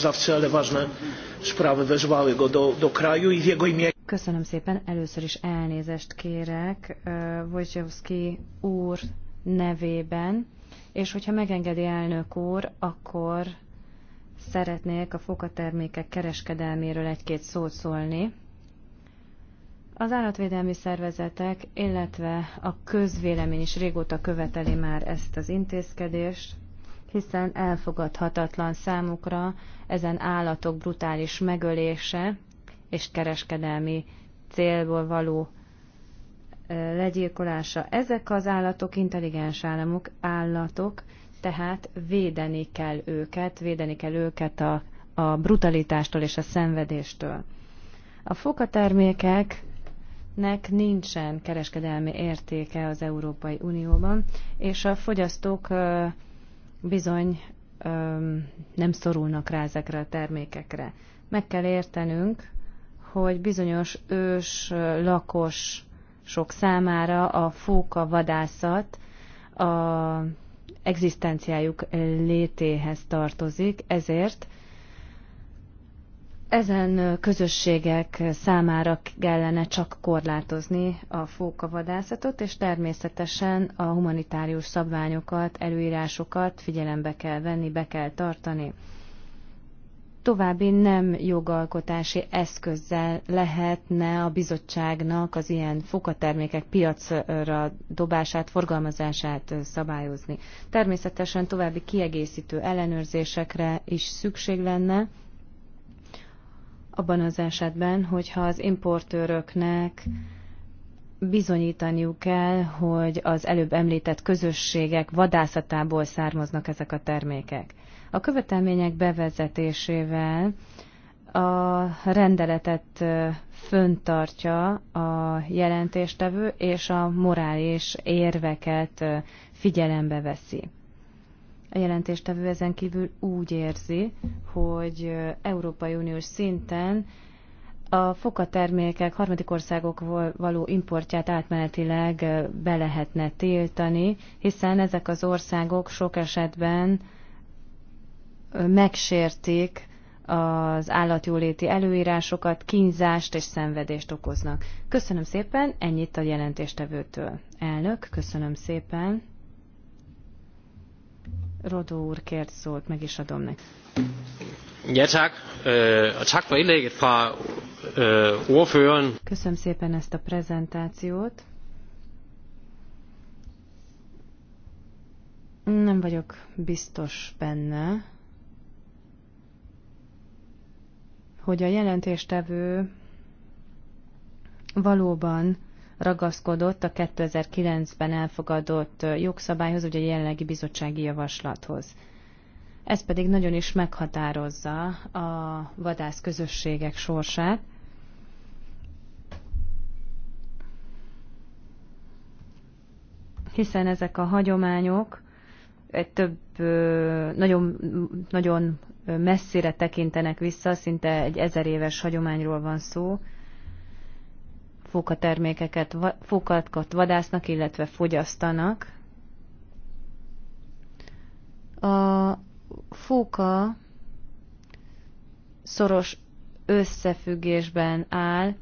Köszönöm szépen, először is elnézést kérek e, Wojciechowski úr nevében, és hogyha megengedi elnök úr, akkor szeretnék a fokatermékek kereskedelméről egy-két szót szólni. Az állatvédelmi szervezetek, illetve a közvélemény is régóta követeli már ezt az intézkedést, hiszen elfogadhatatlan számukra ezen állatok brutális megölése és kereskedelmi célból való legyilkolása. Ezek az állatok intelligens államok, állatok, tehát védeni kell őket, védeni kell őket a, a brutalitástól és a szenvedéstől. A fokatermékek nek nincsen kereskedelmi értéke az Európai Unióban, és a fogyasztók bizony nem szorulnak rá ezekre a termékekre. Meg kell értenünk, hogy bizonyos ős lakos sok számára a fóka vadászat a egzisztenciájuk létéhez tartozik, ezért ezen közösségek számára kellene csak korlátozni a fókavadászatot, és természetesen a humanitárius szabványokat, előírásokat figyelembe kell venni, be kell tartani. További nem jogalkotási eszközzel lehetne a bizottságnak az ilyen fokatermékek piacra dobását, forgalmazását szabályozni. Természetesen további kiegészítő ellenőrzésekre is szükség lenne, abban az esetben, hogyha az importőröknek bizonyítaniuk kell, hogy az előbb említett közösségek vadászatából származnak ezek a termékek. A követelmények bevezetésével a rendeletet föntartja a jelentéstevő, és a morális érveket figyelembe veszi. A jelentéstevő ezen kívül úgy érzi, hogy Európai Uniós szinten a fokatermékek harmadik országokból való importját átmenetileg be lehetne tiltani, hiszen ezek az országok sok esetben megsértik az állatjóléti előírásokat, kínzást és szenvedést okoznak. Köszönöm szépen, ennyit a jelentéstevőtől. Elnök, köszönöm szépen. Rodó úr kért szót, meg is adom neki. Ja, tak. Uh, tak for indlægget fra øh, ordføreren. Köszönöm szépen ezt a prezentációt. Nem vagyok biztos benne, hogy a jelentéstevő valóban ragaszkodott a 2009-ben elfogadott jogszabályhoz, ugye a jelenlegi bizottsági javaslathoz. Ez pedig nagyon is meghatározza a vadász közösségek sorsát. Hiszen ezek a hagyományok egy több nagyon, nagyon messzire tekintenek vissza, szinte egy ezer éves hagyományról van szó, fókatermékeket, fókakat vadásznak, illetve fogyasztanak. A fóka szoros összefüggésben áll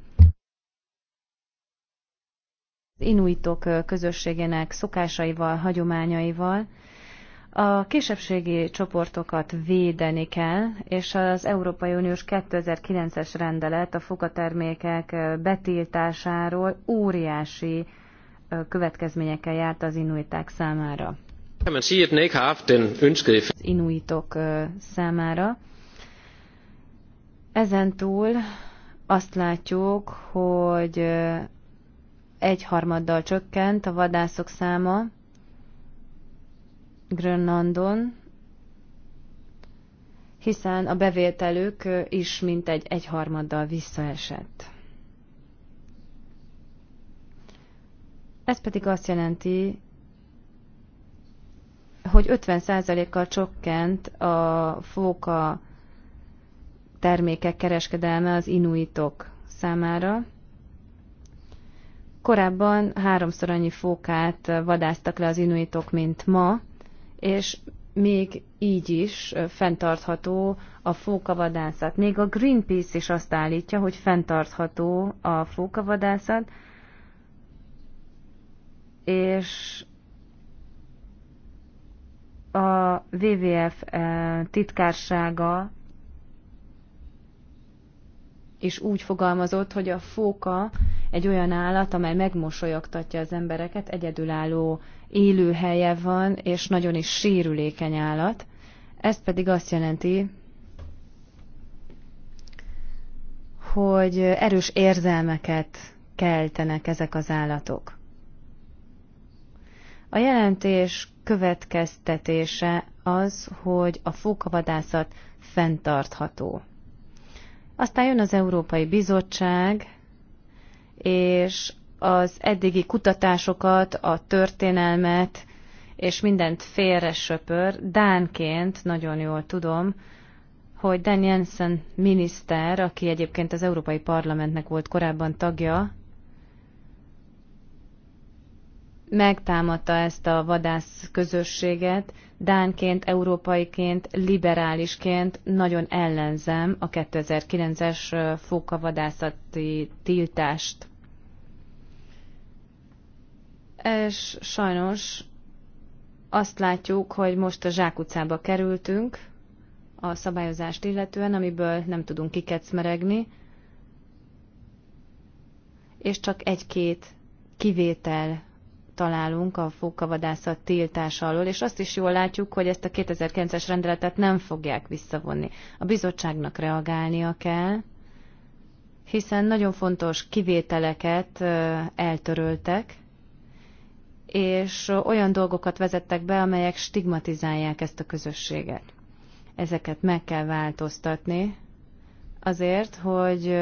az inuitok közösségének szokásaival, hagyományaival, a kisebbségi csoportokat védeni kell, és az Európai Uniós 2009-es rendelet a fogatermékek betiltásáról óriási következményekkel járt az inuiták számára. Az inuitok számára. Ezen túl azt látjuk, hogy egyharmaddal csökkent a vadászok száma, Grönlandon, hiszen a bevételük is mintegy egyharmaddal visszaesett. Ez pedig azt jelenti, hogy 50%-kal csökkent a fóka termékek kereskedelme az inuitok számára. Korábban háromszor annyi fókát vadáztak le az inuitok, mint ma, és még így is fenntartható a fókavadászat. Még a Greenpeace is azt állítja, hogy fenntartható a fókavadászat, és a WWF titkársága és úgy fogalmazott, hogy a fóka egy olyan állat, amely megmosolyogtatja az embereket, egyedülálló élőhelye van, és nagyon is sérülékeny állat. Ez pedig azt jelenti, hogy erős érzelmeket keltenek ezek az állatok. A jelentés következtetése az, hogy a fókavadászat fenntartható. Aztán jön az Európai Bizottság, és az eddigi kutatásokat, a történelmet, és mindent félre söpör. Dánként nagyon jól tudom, hogy Dan Jensen miniszter, aki egyébként az Európai Parlamentnek volt korábban tagja, megtámadta ezt a vadász közösséget, Dánként, európaiként, liberálisként nagyon ellenzem a 2009-es fókavadászati tiltást és sajnos azt látjuk, hogy most a zsákutcába kerültünk a szabályozást illetően, amiből nem tudunk kikecmeregni, és csak egy-két kivétel találunk a fókavadászat tiltása alól, és azt is jól látjuk, hogy ezt a 2009-es rendeletet nem fogják visszavonni. A bizottságnak reagálnia kell, hiszen nagyon fontos kivételeket eltöröltek, és olyan dolgokat vezettek be, amelyek stigmatizálják ezt a közösséget. Ezeket meg kell változtatni azért, hogy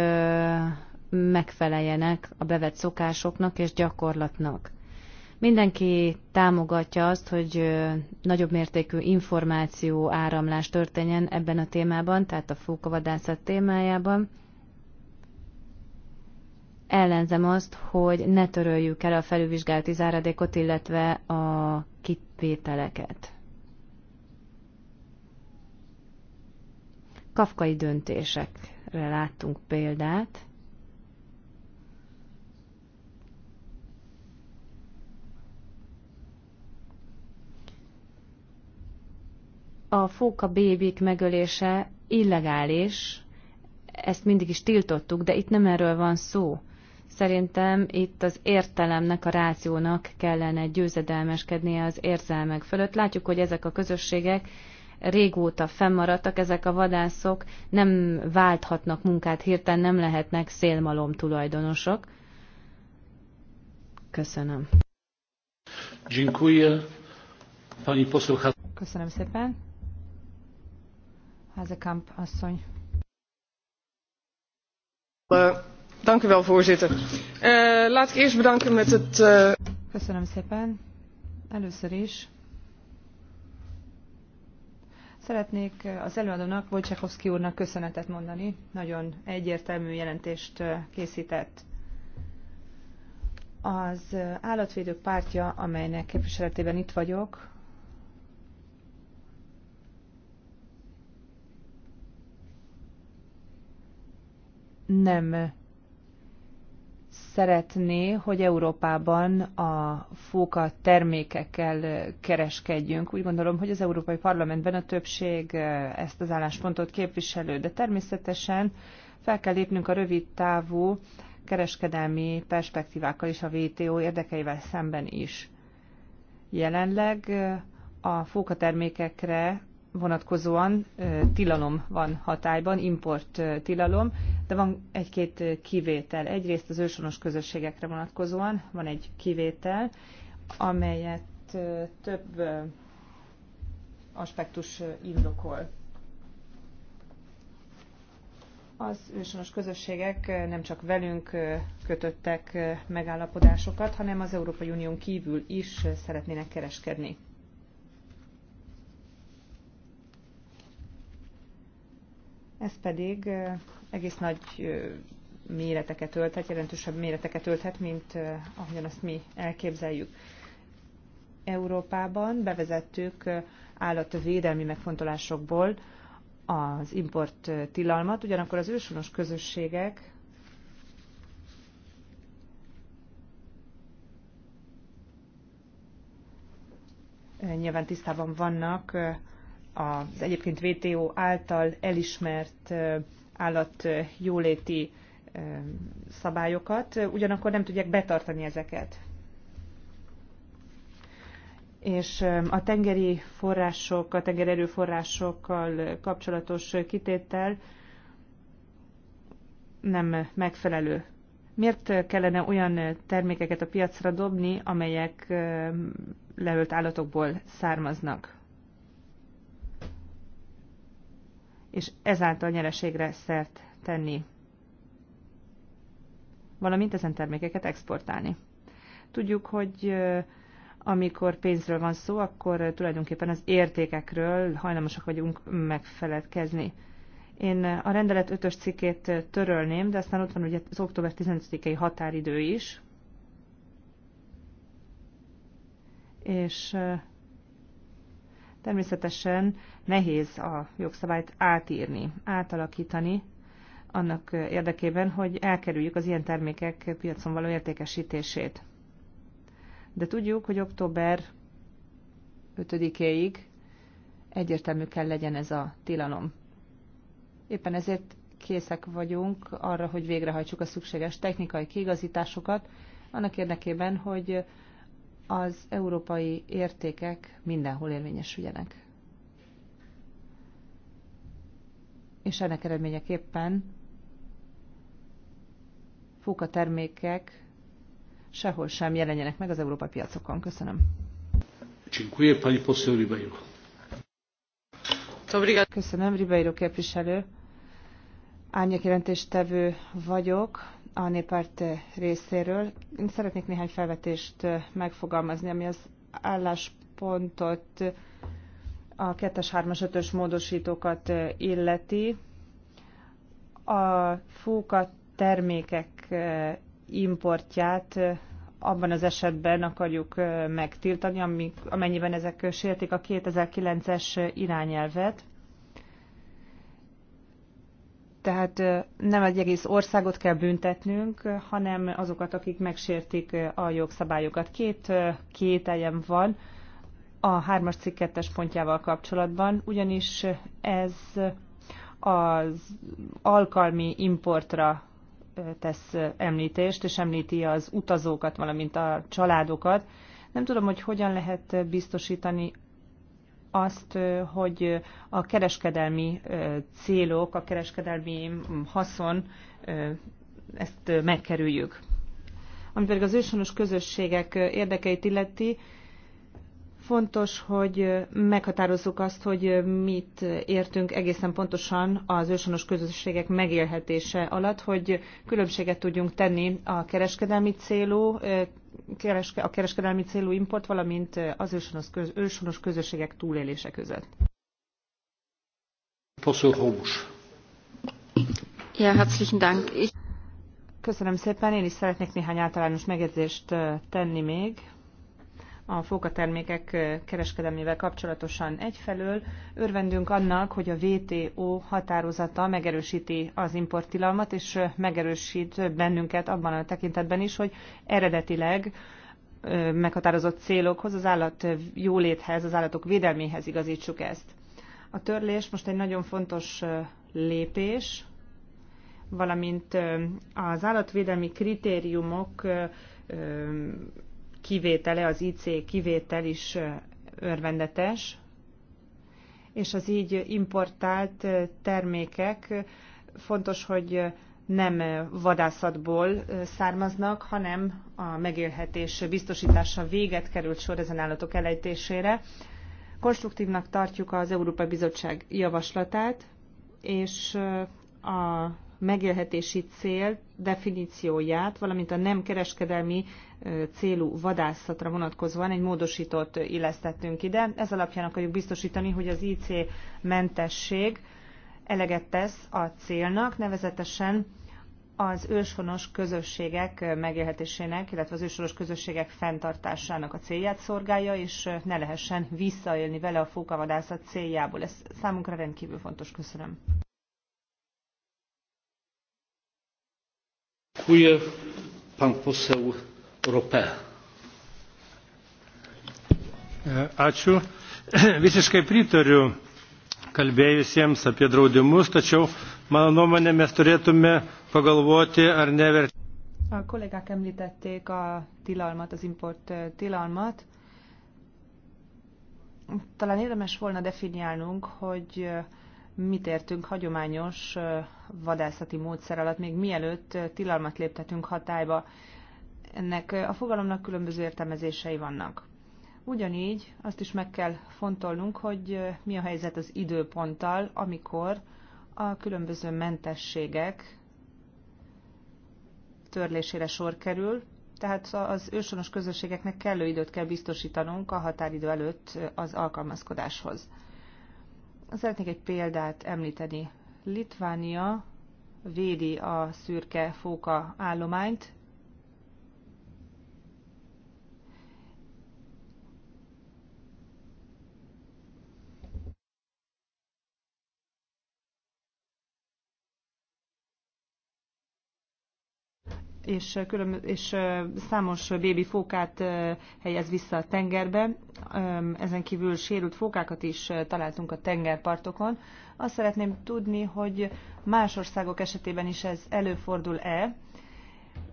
megfeleljenek a bevett szokásoknak és gyakorlatnak. Mindenki támogatja azt, hogy nagyobb mértékű információ áramlás történjen ebben a témában, tehát a fókavadászat témájában ellenzem azt, hogy ne töröljük el a felülvizsgálati záradékot, illetve a kivételeket. Kafkai döntésekre láttunk példát. A fóka bébik megölése illegális, ezt mindig is tiltottuk, de itt nem erről van szó Szerintem itt az értelemnek, a rációnak kellene győzedelmeskednie az érzelmek fölött. Látjuk, hogy ezek a közösségek régóta fennmaradtak, ezek a vadászok nem válthatnak munkát, hirtelen nem lehetnek szélmalom tulajdonosok. Köszönöm. Köszönöm szépen. Házekamp asszony. voorzitter. Eh, laat ik eerst bedanken met het... Eh, Köszönöm szépen. Először is Szeretnék az előadónak, Wojciechowski úrnak köszönetet mondani. Nagyon egyértelmű jelentést eh, készített. Az állatvédők pártja, amelynek képviseletében itt vagyok, nem szeretné, hogy Európában a fóka termékekkel kereskedjünk. Úgy gondolom, hogy az Európai Parlamentben a többség eh, ezt az álláspontot képviselő, de természetesen fel kell lépnünk a rövid távú kereskedelmi perspektívákkal és a WTO érdekeivel szemben is. Jelenleg eh, a fókatermékekre vonatkozóan tilalom van hatályban, import tilalom, de van egy-két kivétel. Egyrészt az őshonos közösségekre vonatkozóan van egy kivétel, amelyet több aspektus indokol. Az őshonos közösségek nem csak velünk kötöttek megállapodásokat, hanem az Európai Unión kívül is szeretnének kereskedni. Ez pedig egész nagy méreteket ölthet, jelentősebb méreteket ölthet, mint ahogyan azt mi elképzeljük. Európában bevezettük állatvédelmi megfontolásokból az import tilalmat, ugyanakkor az őshonos közösségek nyilván tisztában vannak az egyébként WTO által elismert állatjóléti szabályokat, ugyanakkor nem tudják betartani ezeket. És a tengeri források, a tengeri erőforrásokkal kapcsolatos kitétel nem megfelelő. Miért kellene olyan termékeket a piacra dobni, amelyek leölt állatokból származnak? és ezáltal nyereségre szert tenni, valamint ezen termékeket exportálni. Tudjuk, hogy amikor pénzről van szó, akkor tulajdonképpen az értékekről hajlamosak vagyunk megfeledkezni. Én a rendelet ötös cikkét törölném, de aztán ott van ugye az október 15-i határidő is. És természetesen nehéz a jogszabályt átírni, átalakítani annak érdekében, hogy elkerüljük az ilyen termékek piacon való értékesítését. De tudjuk, hogy október 5-éig egyértelmű kell legyen ez a tilalom. Éppen ezért készek vagyunk arra, hogy végrehajtsuk a szükséges technikai kiigazításokat, annak érdekében, hogy az európai értékek mindenhol érvényesüljenek. és ennek eredményeképpen fúka termékek sehol sem jelenjenek meg az európai piacokon. Köszönöm. Köszönöm, Ribeiro képviselő. Árnyék jelentéstevő vagyok a néppárt részéről. Én szeretnék néhány felvetést megfogalmazni, ami az álláspontot a 2-es, 3-as, 5-ös módosítókat illeti, a fóka termékek importját abban az esetben akarjuk megtiltani, amik, amennyiben ezek sértik a 2009-es irányelvet. Tehát nem egy egész országot kell büntetnünk, hanem azokat, akik megsértik a jogszabályokat. Két kételjem van a hármas cikkettes pontjával kapcsolatban, ugyanis ez az alkalmi importra tesz említést, és említi az utazókat, valamint a családokat. Nem tudom, hogy hogyan lehet biztosítani azt, hogy a kereskedelmi célok, a kereskedelmi haszon, ezt megkerüljük. Ami pedig az őshonos közösségek érdekeit illeti, Fontos, hogy meghatározzuk azt, hogy mit értünk egészen pontosan az őshonos közösségek megélhetése alatt, hogy különbséget tudjunk tenni a kereskedelmi célú a kereskedelmi célú import, valamint az őshonos, köz, őshonos közösségek túlélése között. Ja, herzlichen Dank. Köszönöm szépen, én is szeretnék néhány általános megjegyzést tenni még a fókatermékek kereskedelmével kapcsolatosan. Egyfelől örvendünk annak, hogy a VTO határozata megerősíti az importtilalmat, és megerősít bennünket abban a tekintetben is, hogy eredetileg meghatározott célokhoz, az állat jóléthez, az állatok védelméhez igazítsuk ezt. A törlés most egy nagyon fontos lépés, valamint az állatvédelmi kritériumok kivétele, az IC kivétel is örvendetes, és az így importált termékek fontos, hogy nem vadászatból származnak, hanem a megélhetés biztosítása véget került sor ezen állatok elejtésére. Konstruktívnak tartjuk az Európai Bizottság javaslatát, és a megélhetési cél definícióját, valamint a nem kereskedelmi célú vadászatra vonatkozóan egy módosítót illesztettünk ide. Ez alapján akarjuk biztosítani, hogy az IC mentesség eleget tesz a célnak, nevezetesen az őshonos közösségek megélhetésének, illetve az őshonos közösségek fenntartásának a célját szolgálja, és ne lehessen visszaélni vele a fókavadászat céljából. Ez számunkra rendkívül fontos. Köszönöm. Dziękuję. Pan poseł Rope. Ačiū. Visiškai pritariu kalbėjusiems apie draudimus, tačiau mano nuomonė mes turėtume pagalvoti, ar nevertėtų. A kollégák említették a tilalmat, az import e, tilalmat. Talán érdemes volna definiálnunk, hogy e, mit értünk hagyományos vadászati módszer alatt, még mielőtt tilalmat léptetünk hatályba. Ennek a fogalomnak különböző értelmezései vannak. Ugyanígy azt is meg kell fontolnunk, hogy mi a helyzet az időponttal, amikor a különböző mentességek törlésére sor kerül, tehát az őshonos közösségeknek kellő időt kell biztosítanunk a határidő előtt az alkalmazkodáshoz. Szeretnék egy példát említeni. Litvánia védi a szürke fóka állományt, és, külön, és számos bébi fókát helyez vissza a tengerbe. Ezen kívül sérült fókákat is találtunk a tengerpartokon. Azt szeretném tudni, hogy más országok esetében is ez előfordul-e,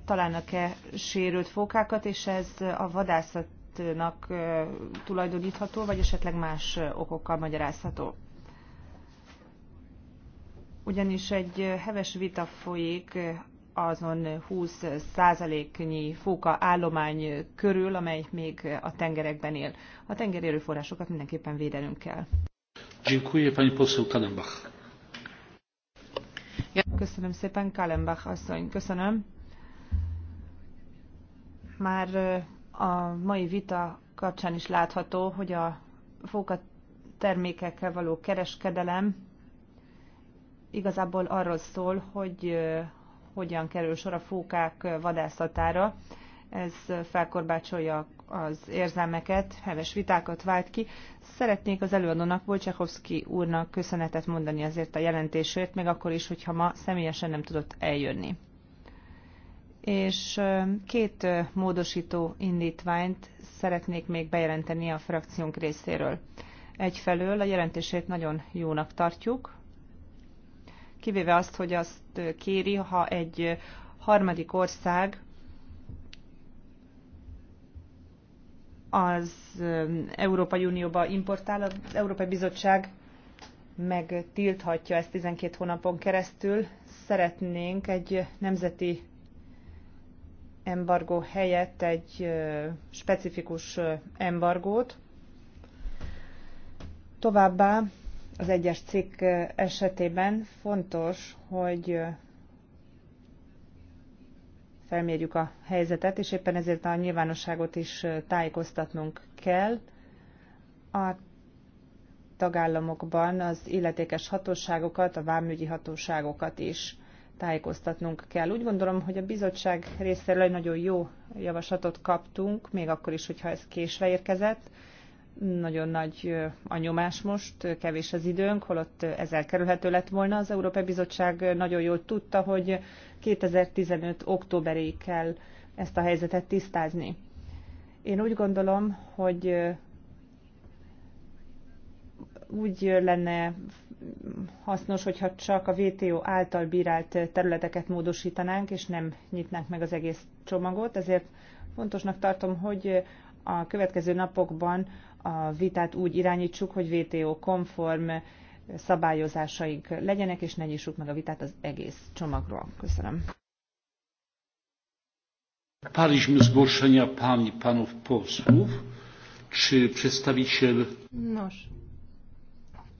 találnak-e sérült fókákat, és ez a vadászatnak tulajdonítható, vagy esetleg más okokkal magyarázható ugyanis egy heves vita folyik azon 20 százaléknyi fóka állomány körül, amely még a tengerekben él. A tengeri erőforrásokat mindenképpen védenünk kell. Köszönöm szépen, Kalembach asszony. Köszönöm. Már a mai vita kapcsán is látható, hogy a fóka termékekkel való kereskedelem igazából arról szól, hogy hogyan kerül sor a fókák vadászatára. Ez felkorbácsolja az érzelmeket, heves vitákat vált ki. Szeretnék az előadónak, Bolcsakovszki úrnak köszönetet mondani azért a jelentésért, még akkor is, hogyha ma személyesen nem tudott eljönni. És két módosító indítványt szeretnék még bejelenteni a frakciónk részéről. Egyfelől a jelentését nagyon jónak tartjuk, kivéve azt, hogy azt kéri, ha egy harmadik ország az Európai Unióba importál, az Európai Bizottság megtilthatja ezt 12 hónapon keresztül. Szeretnénk egy nemzeti embargó helyett egy specifikus embargót. Továbbá az egyes cikk esetében fontos, hogy felmérjük a helyzetet, és éppen ezért a nyilvánosságot is tájékoztatnunk kell. A tagállamokban az illetékes hatóságokat, a vámügyi hatóságokat is tájékoztatnunk kell. Úgy gondolom, hogy a bizottság részéről egy nagyon jó javaslatot kaptunk, még akkor is, hogyha ez késve érkezett nagyon nagy a nyomás most, kevés az időnk, holott ez elkerülhető lett volna. Az Európai Bizottság nagyon jól tudta, hogy 2015. októberéig kell ezt a helyzetet tisztázni. Én úgy gondolom, hogy úgy lenne hasznos, hogyha csak a WTO által bírált területeket módosítanánk, és nem nyitnánk meg az egész csomagot. Ezért fontosnak tartom, hogy a következő napokban a vitát úgy irányítsuk, hogy VTO-konform szabályozásaink legyenek, és ne nyissuk meg a vitát az egész csomagról. Köszönöm. Paliśmy zgłoszenia pani, panów posłów. Czy przedstawiciel... Nos,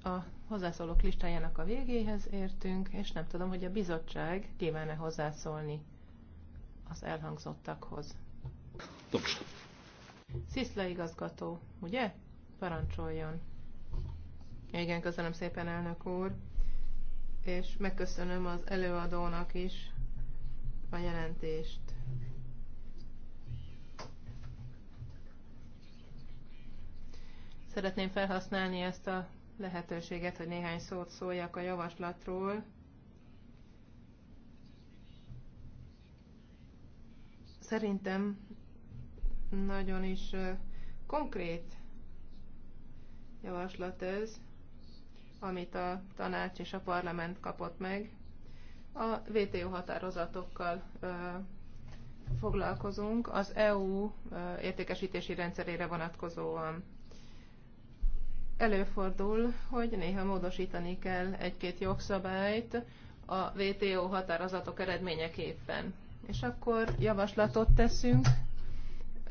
a hozzászólók listájának a végéhez értünk, és nem tudom, hogy a bizottság kívánne hozzászólni az elhangzottakhoz. Dobrze. Sziszla igazgató, ugye? Parancsoljon. Igen, köszönöm szépen, elnök úr, és megköszönöm az előadónak is a jelentést. Szeretném felhasználni ezt a lehetőséget, hogy néhány szót szóljak a javaslatról. Szerintem nagyon is konkrét javaslat ez, amit a tanács és a parlament kapott meg. A WTO határozatokkal foglalkozunk az EU értékesítési rendszerére vonatkozóan. Előfordul, hogy néha módosítani kell egy-két jogszabályt a WTO határozatok eredményeképpen. És akkor javaslatot teszünk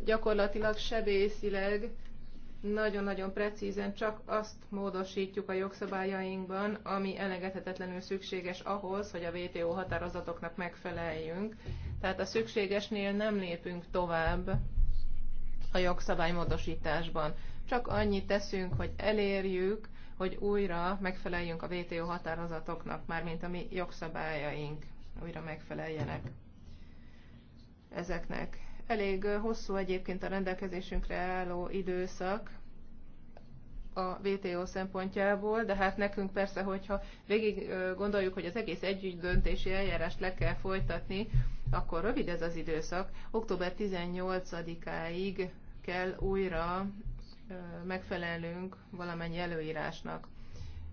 gyakorlatilag sebészileg nagyon-nagyon precízen csak azt módosítjuk a jogszabályainkban, ami elengedhetetlenül szükséges ahhoz, hogy a WTO határozatoknak megfeleljünk. Tehát a szükségesnél nem lépünk tovább a jogszabály módosításban. Csak annyit teszünk, hogy elérjük, hogy újra megfeleljünk a WTO határozatoknak, mármint a mi jogszabályaink újra megfeleljenek ezeknek. Elég hosszú egyébként a rendelkezésünkre álló időszak a VTO szempontjából, de hát nekünk persze, hogyha végig gondoljuk, hogy az egész együgy döntési eljárást le kell folytatni, akkor rövid ez az időszak. Október 18-áig kell újra megfelelnünk valamennyi előírásnak.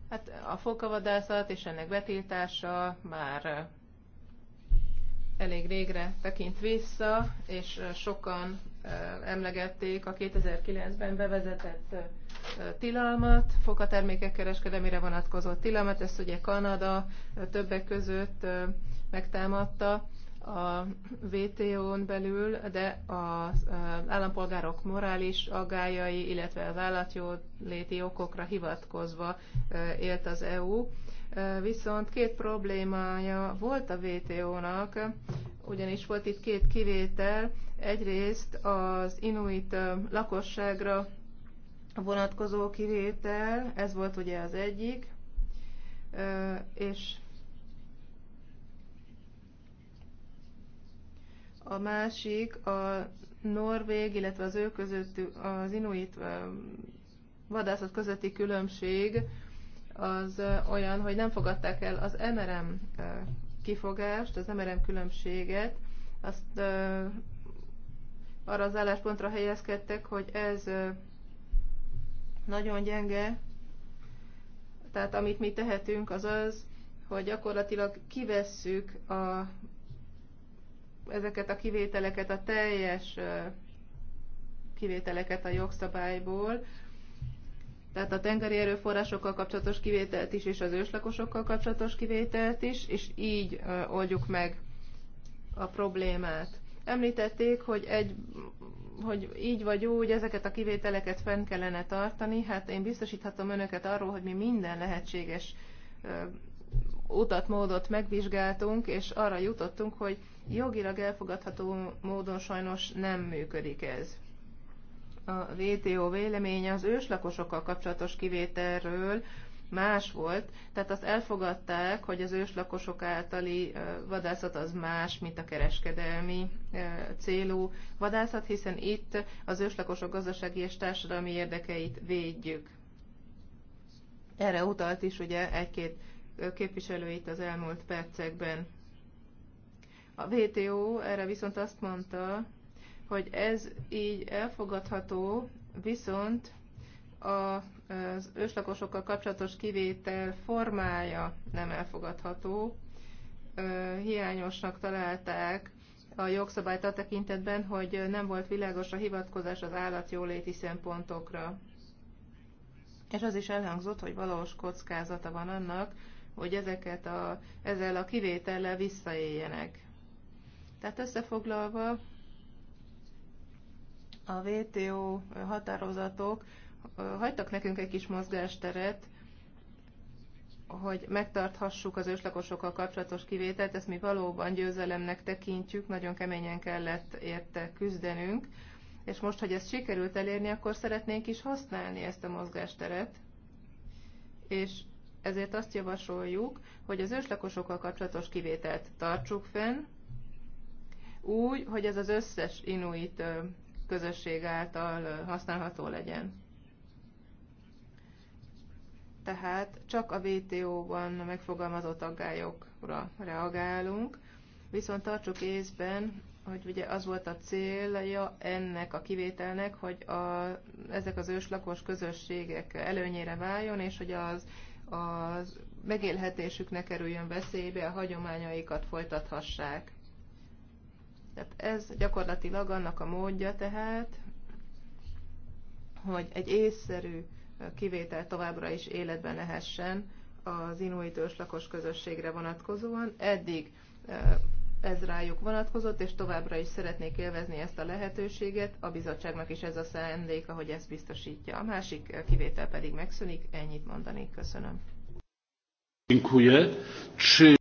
Hát a fokavadászat és ennek betiltása már elég régre tekint vissza, és sokan emlegették a 2009-ben bevezetett tilalmat, fokatermékek kereskedemére vonatkozó tilalmat, ezt ugye Kanada többek között megtámadta a WTO-n belül, de az állampolgárok morális agályai illetve az állatjóléti okokra hivatkozva élt az EU. Viszont két problémája volt a vto nak ugyanis volt itt két kivétel. Egyrészt az inuit lakosságra vonatkozó kivétel, ez volt ugye az egyik, és a másik a norvég, illetve az ő közöttük, az inuit vadászat közötti különbség, az olyan, hogy nem fogadták el az MRM kifogást, az MRM különbséget, azt arra az álláspontra helyezkedtek, hogy ez nagyon gyenge, tehát amit mi tehetünk az az, hogy gyakorlatilag kivesszük a, ezeket a kivételeket, a teljes kivételeket a jogszabályból, tehát a tengeri erőforrásokkal kapcsolatos kivételt is, és az őslakosokkal kapcsolatos kivételt is, és így oldjuk meg a problémát. Említették, hogy, egy, hogy így vagy úgy ezeket a kivételeket fenn kellene tartani. Hát én biztosíthatom önöket arról, hogy mi minden lehetséges utat, módot megvizsgáltunk, és arra jutottunk, hogy jogilag elfogadható módon sajnos nem működik ez a VTO véleménye az őslakosokkal kapcsolatos kivételről más volt, tehát azt elfogadták, hogy az őslakosok általi vadászat az más, mint a kereskedelmi célú vadászat, hiszen itt az őslakosok gazdasági és társadalmi érdekeit védjük. Erre utalt is ugye egy-két képviselő itt az elmúlt percekben. A VTO erre viszont azt mondta, hogy ez így elfogadható, viszont az őslakosokkal kapcsolatos kivétel formája nem elfogadható. Hiányosnak találták a jogszabályt a tekintetben, hogy nem volt világos a hivatkozás az állatjóléti szempontokra. És az is elhangzott, hogy valós kockázata van annak, hogy ezeket a, ezzel a kivétellel visszaéljenek. Tehát összefoglalva a WTO határozatok hagytak nekünk egy kis mozgásteret, hogy megtarthassuk az őslakosokkal kapcsolatos kivételt, ezt mi valóban győzelemnek tekintjük, nagyon keményen kellett érte küzdenünk, és most, hogy ezt sikerült elérni, akkor szeretnénk is használni ezt a mozgásteret, és ezért azt javasoljuk, hogy az őslakosokkal kapcsolatos kivételt tartsuk fenn, úgy, hogy ez az összes inuit közösség által használható legyen. Tehát csak a WTO-ban megfogalmazott aggályokra reagálunk, viszont tartsuk észben, hogy ugye az volt a célja ennek a kivételnek, hogy a, ezek az őslakos közösségek előnyére váljon, és hogy az, az megélhetésüknek kerüljön veszélybe, a hagyományaikat folytathassák. Tehát ez gyakorlatilag annak a módja tehát, hogy egy észszerű kivétel továbbra is életben lehessen az inuitős lakos közösségre vonatkozóan. Eddig ez rájuk vonatkozott, és továbbra is szeretnék élvezni ezt a lehetőséget. A bizottságnak is ez a szándéka, hogy ezt biztosítja. A másik kivétel pedig megszűnik. Ennyit mondanék. Köszönöm.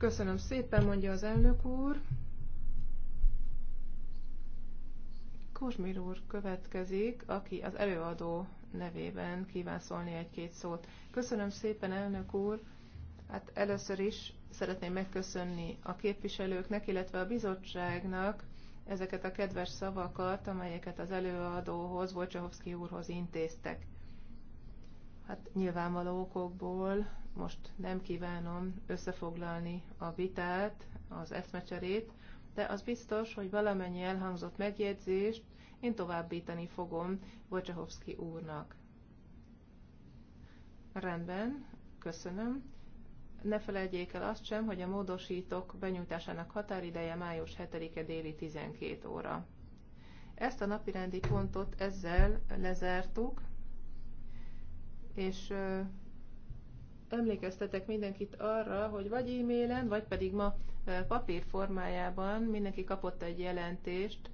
Köszönöm szépen, mondja az elnök úr. Kuzsmir úr következik, aki az előadó nevében kíván szólni egy-két szót. Köszönöm szépen, elnök úr! Hát először is szeretném megköszönni a képviselőknek, illetve a bizottságnak ezeket a kedves szavakat, amelyeket az előadóhoz, Wojciechowski úrhoz intéztek. Hát nyilvánvaló okokból most nem kívánom összefoglalni a vitát, az eszmecserét, de az biztos, hogy valamennyi elhangzott megjegyzést én továbbítani fogom Wojciechowski úrnak. Rendben, köszönöm. Ne felejtjék el azt sem, hogy a módosítók benyújtásának határideje május 7-e déli 12 óra. Ezt a napirendi pontot ezzel lezártuk, és emlékeztetek mindenkit arra, hogy vagy e-mailen, vagy pedig ma e, papír formájában mindenki kapott egy jelentést,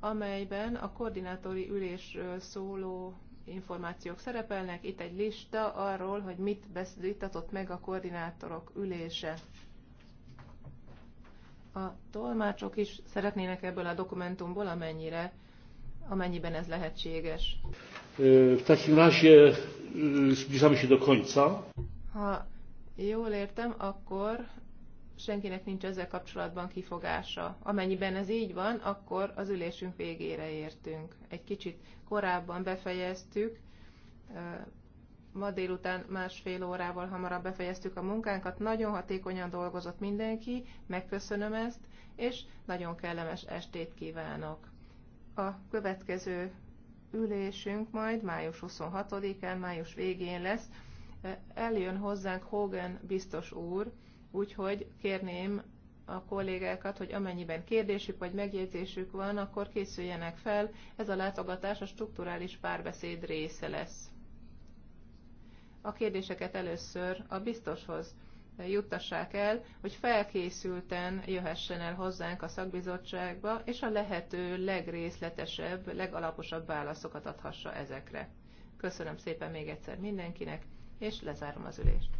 amelyben a koordinátori ülésről szóló információk szerepelnek. Itt egy lista arról, hogy mit beszélítatott meg a koordinátorok ülése. A tolmácsok is szeretnének ebből a dokumentumból, amennyire, amennyiben ez lehetséges. E, w takim razie e, zbliżamy się do końca. Ha jól értem, akkor senkinek nincs ezzel kapcsolatban kifogása. Amennyiben ez így van, akkor az ülésünk végére értünk. Egy kicsit korábban befejeztük, ma délután másfél órával hamarabb befejeztük a munkánkat, nagyon hatékonyan dolgozott mindenki, megköszönöm ezt, és nagyon kellemes estét kívánok. A következő ülésünk majd május 26-án, május végén lesz, eljön hozzánk Hogan biztos úr, úgyhogy kérném a kollégákat, hogy amennyiben kérdésük vagy megjegyzésük van, akkor készüljenek fel. Ez a látogatás a strukturális párbeszéd része lesz. A kérdéseket először a biztoshoz juttassák el, hogy felkészülten jöhessen el hozzánk a szakbizottságba, és a lehető legrészletesebb, legalaposabb válaszokat adhassa ezekre. Köszönöm szépen még egyszer mindenkinek, és lezárom az ülést.